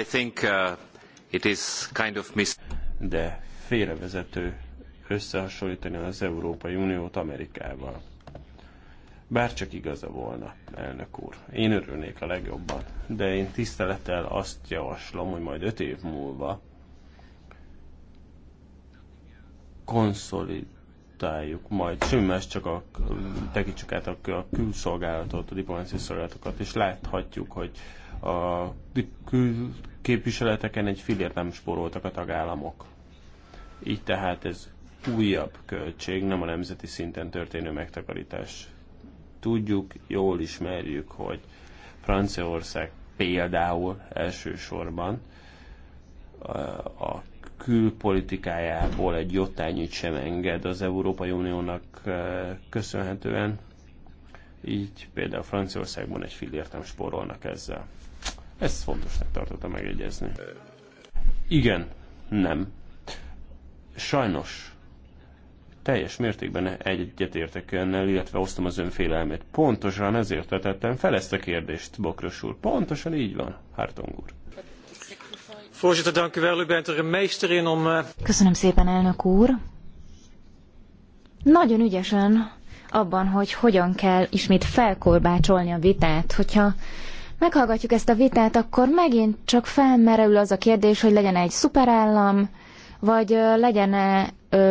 I think uh, it is kind of mis- de félrevezető összehasonlítani az Európai Uniót Amerikával. Bár csak igaza volna, elnök úr. Én örülnék a legjobban, de én tisztelettel azt javaslom, hogy majd öt év múlva konszolidáljuk majd, semmi más csak a, tekintsük át a, a külszolgálatot, a diplomáciai szolgálatokat, és láthatjuk, hogy a képviseleteken egy fillért nem spóroltak a tagállamok. Így tehát ez újabb költség, nem a nemzeti szinten történő megtakarítás. Tudjuk, jól ismerjük, hogy Franciaország például elsősorban a külpolitikájából egy jottányit sem enged az Európai Uniónak e, köszönhetően. Így például Franciaországban egy fillért nem spórolnak ezzel. Ezt fontosnak tartottam megjegyezni. Igen, nem. Sajnos teljes mértékben egyetértek önnel, illetve osztom az önfélelmét. Pontosan ezért vetettem fel ezt a kérdést, Bokros úr. Pontosan így van, Hartong úr. Voorzitter, dank u wel. bent er een om... Eh, Köszönöm szépen, elnök úr. Nagyon ügyesen abban, hogy hogyan kell ismét felkorbácsolni a vitát, hogyha meghallgatjuk ezt a vitát, akkor megint csak felmerül az a kérdés, hogy legyen -e egy szuperállam, vagy legyen -e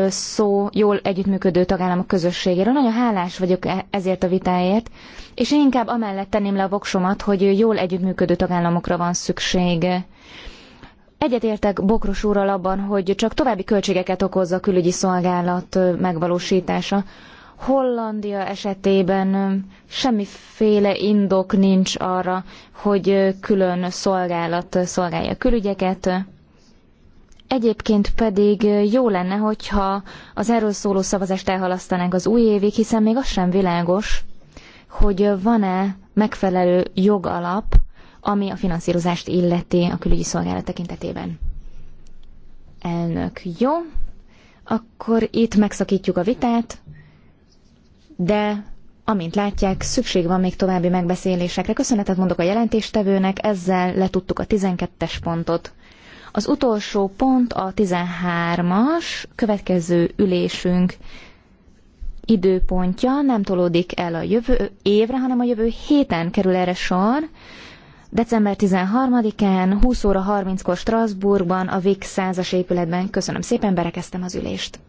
szó jól együttműködő tagállamok közösségéről. Nagyon hálás vagyok e- ezért a vitáért, és én inkább amellett tenném le a voksomat, hogy jól együttműködő tagállamokra van szükség. Egyetértek Bokros úrral abban, hogy csak további költségeket okozza a külügyi szolgálat megvalósítása. Hollandia esetében semmiféle indok nincs arra, hogy külön szolgálat szolgálja külügyeket. Egyébként pedig jó lenne, hogyha az erről szóló szavazást elhalasztanánk az új évig, hiszen még az sem világos, hogy van-e megfelelő jogalap, ami a finanszírozást illeti a külügyi szolgálat tekintetében. Elnök, jó? Akkor itt megszakítjuk a vitát de amint látják, szükség van még további megbeszélésekre. Köszönetet mondok a jelentéstevőnek, ezzel letudtuk a 12-es pontot. Az utolsó pont a 13-as, következő ülésünk időpontja nem tolódik el a jövő évre, hanem a jövő héten kerül erre sor. December 13-án, 20 óra 30-kor Strasbourgban, a VIX 100-as épületben. Köszönöm szépen, berekeztem az ülést.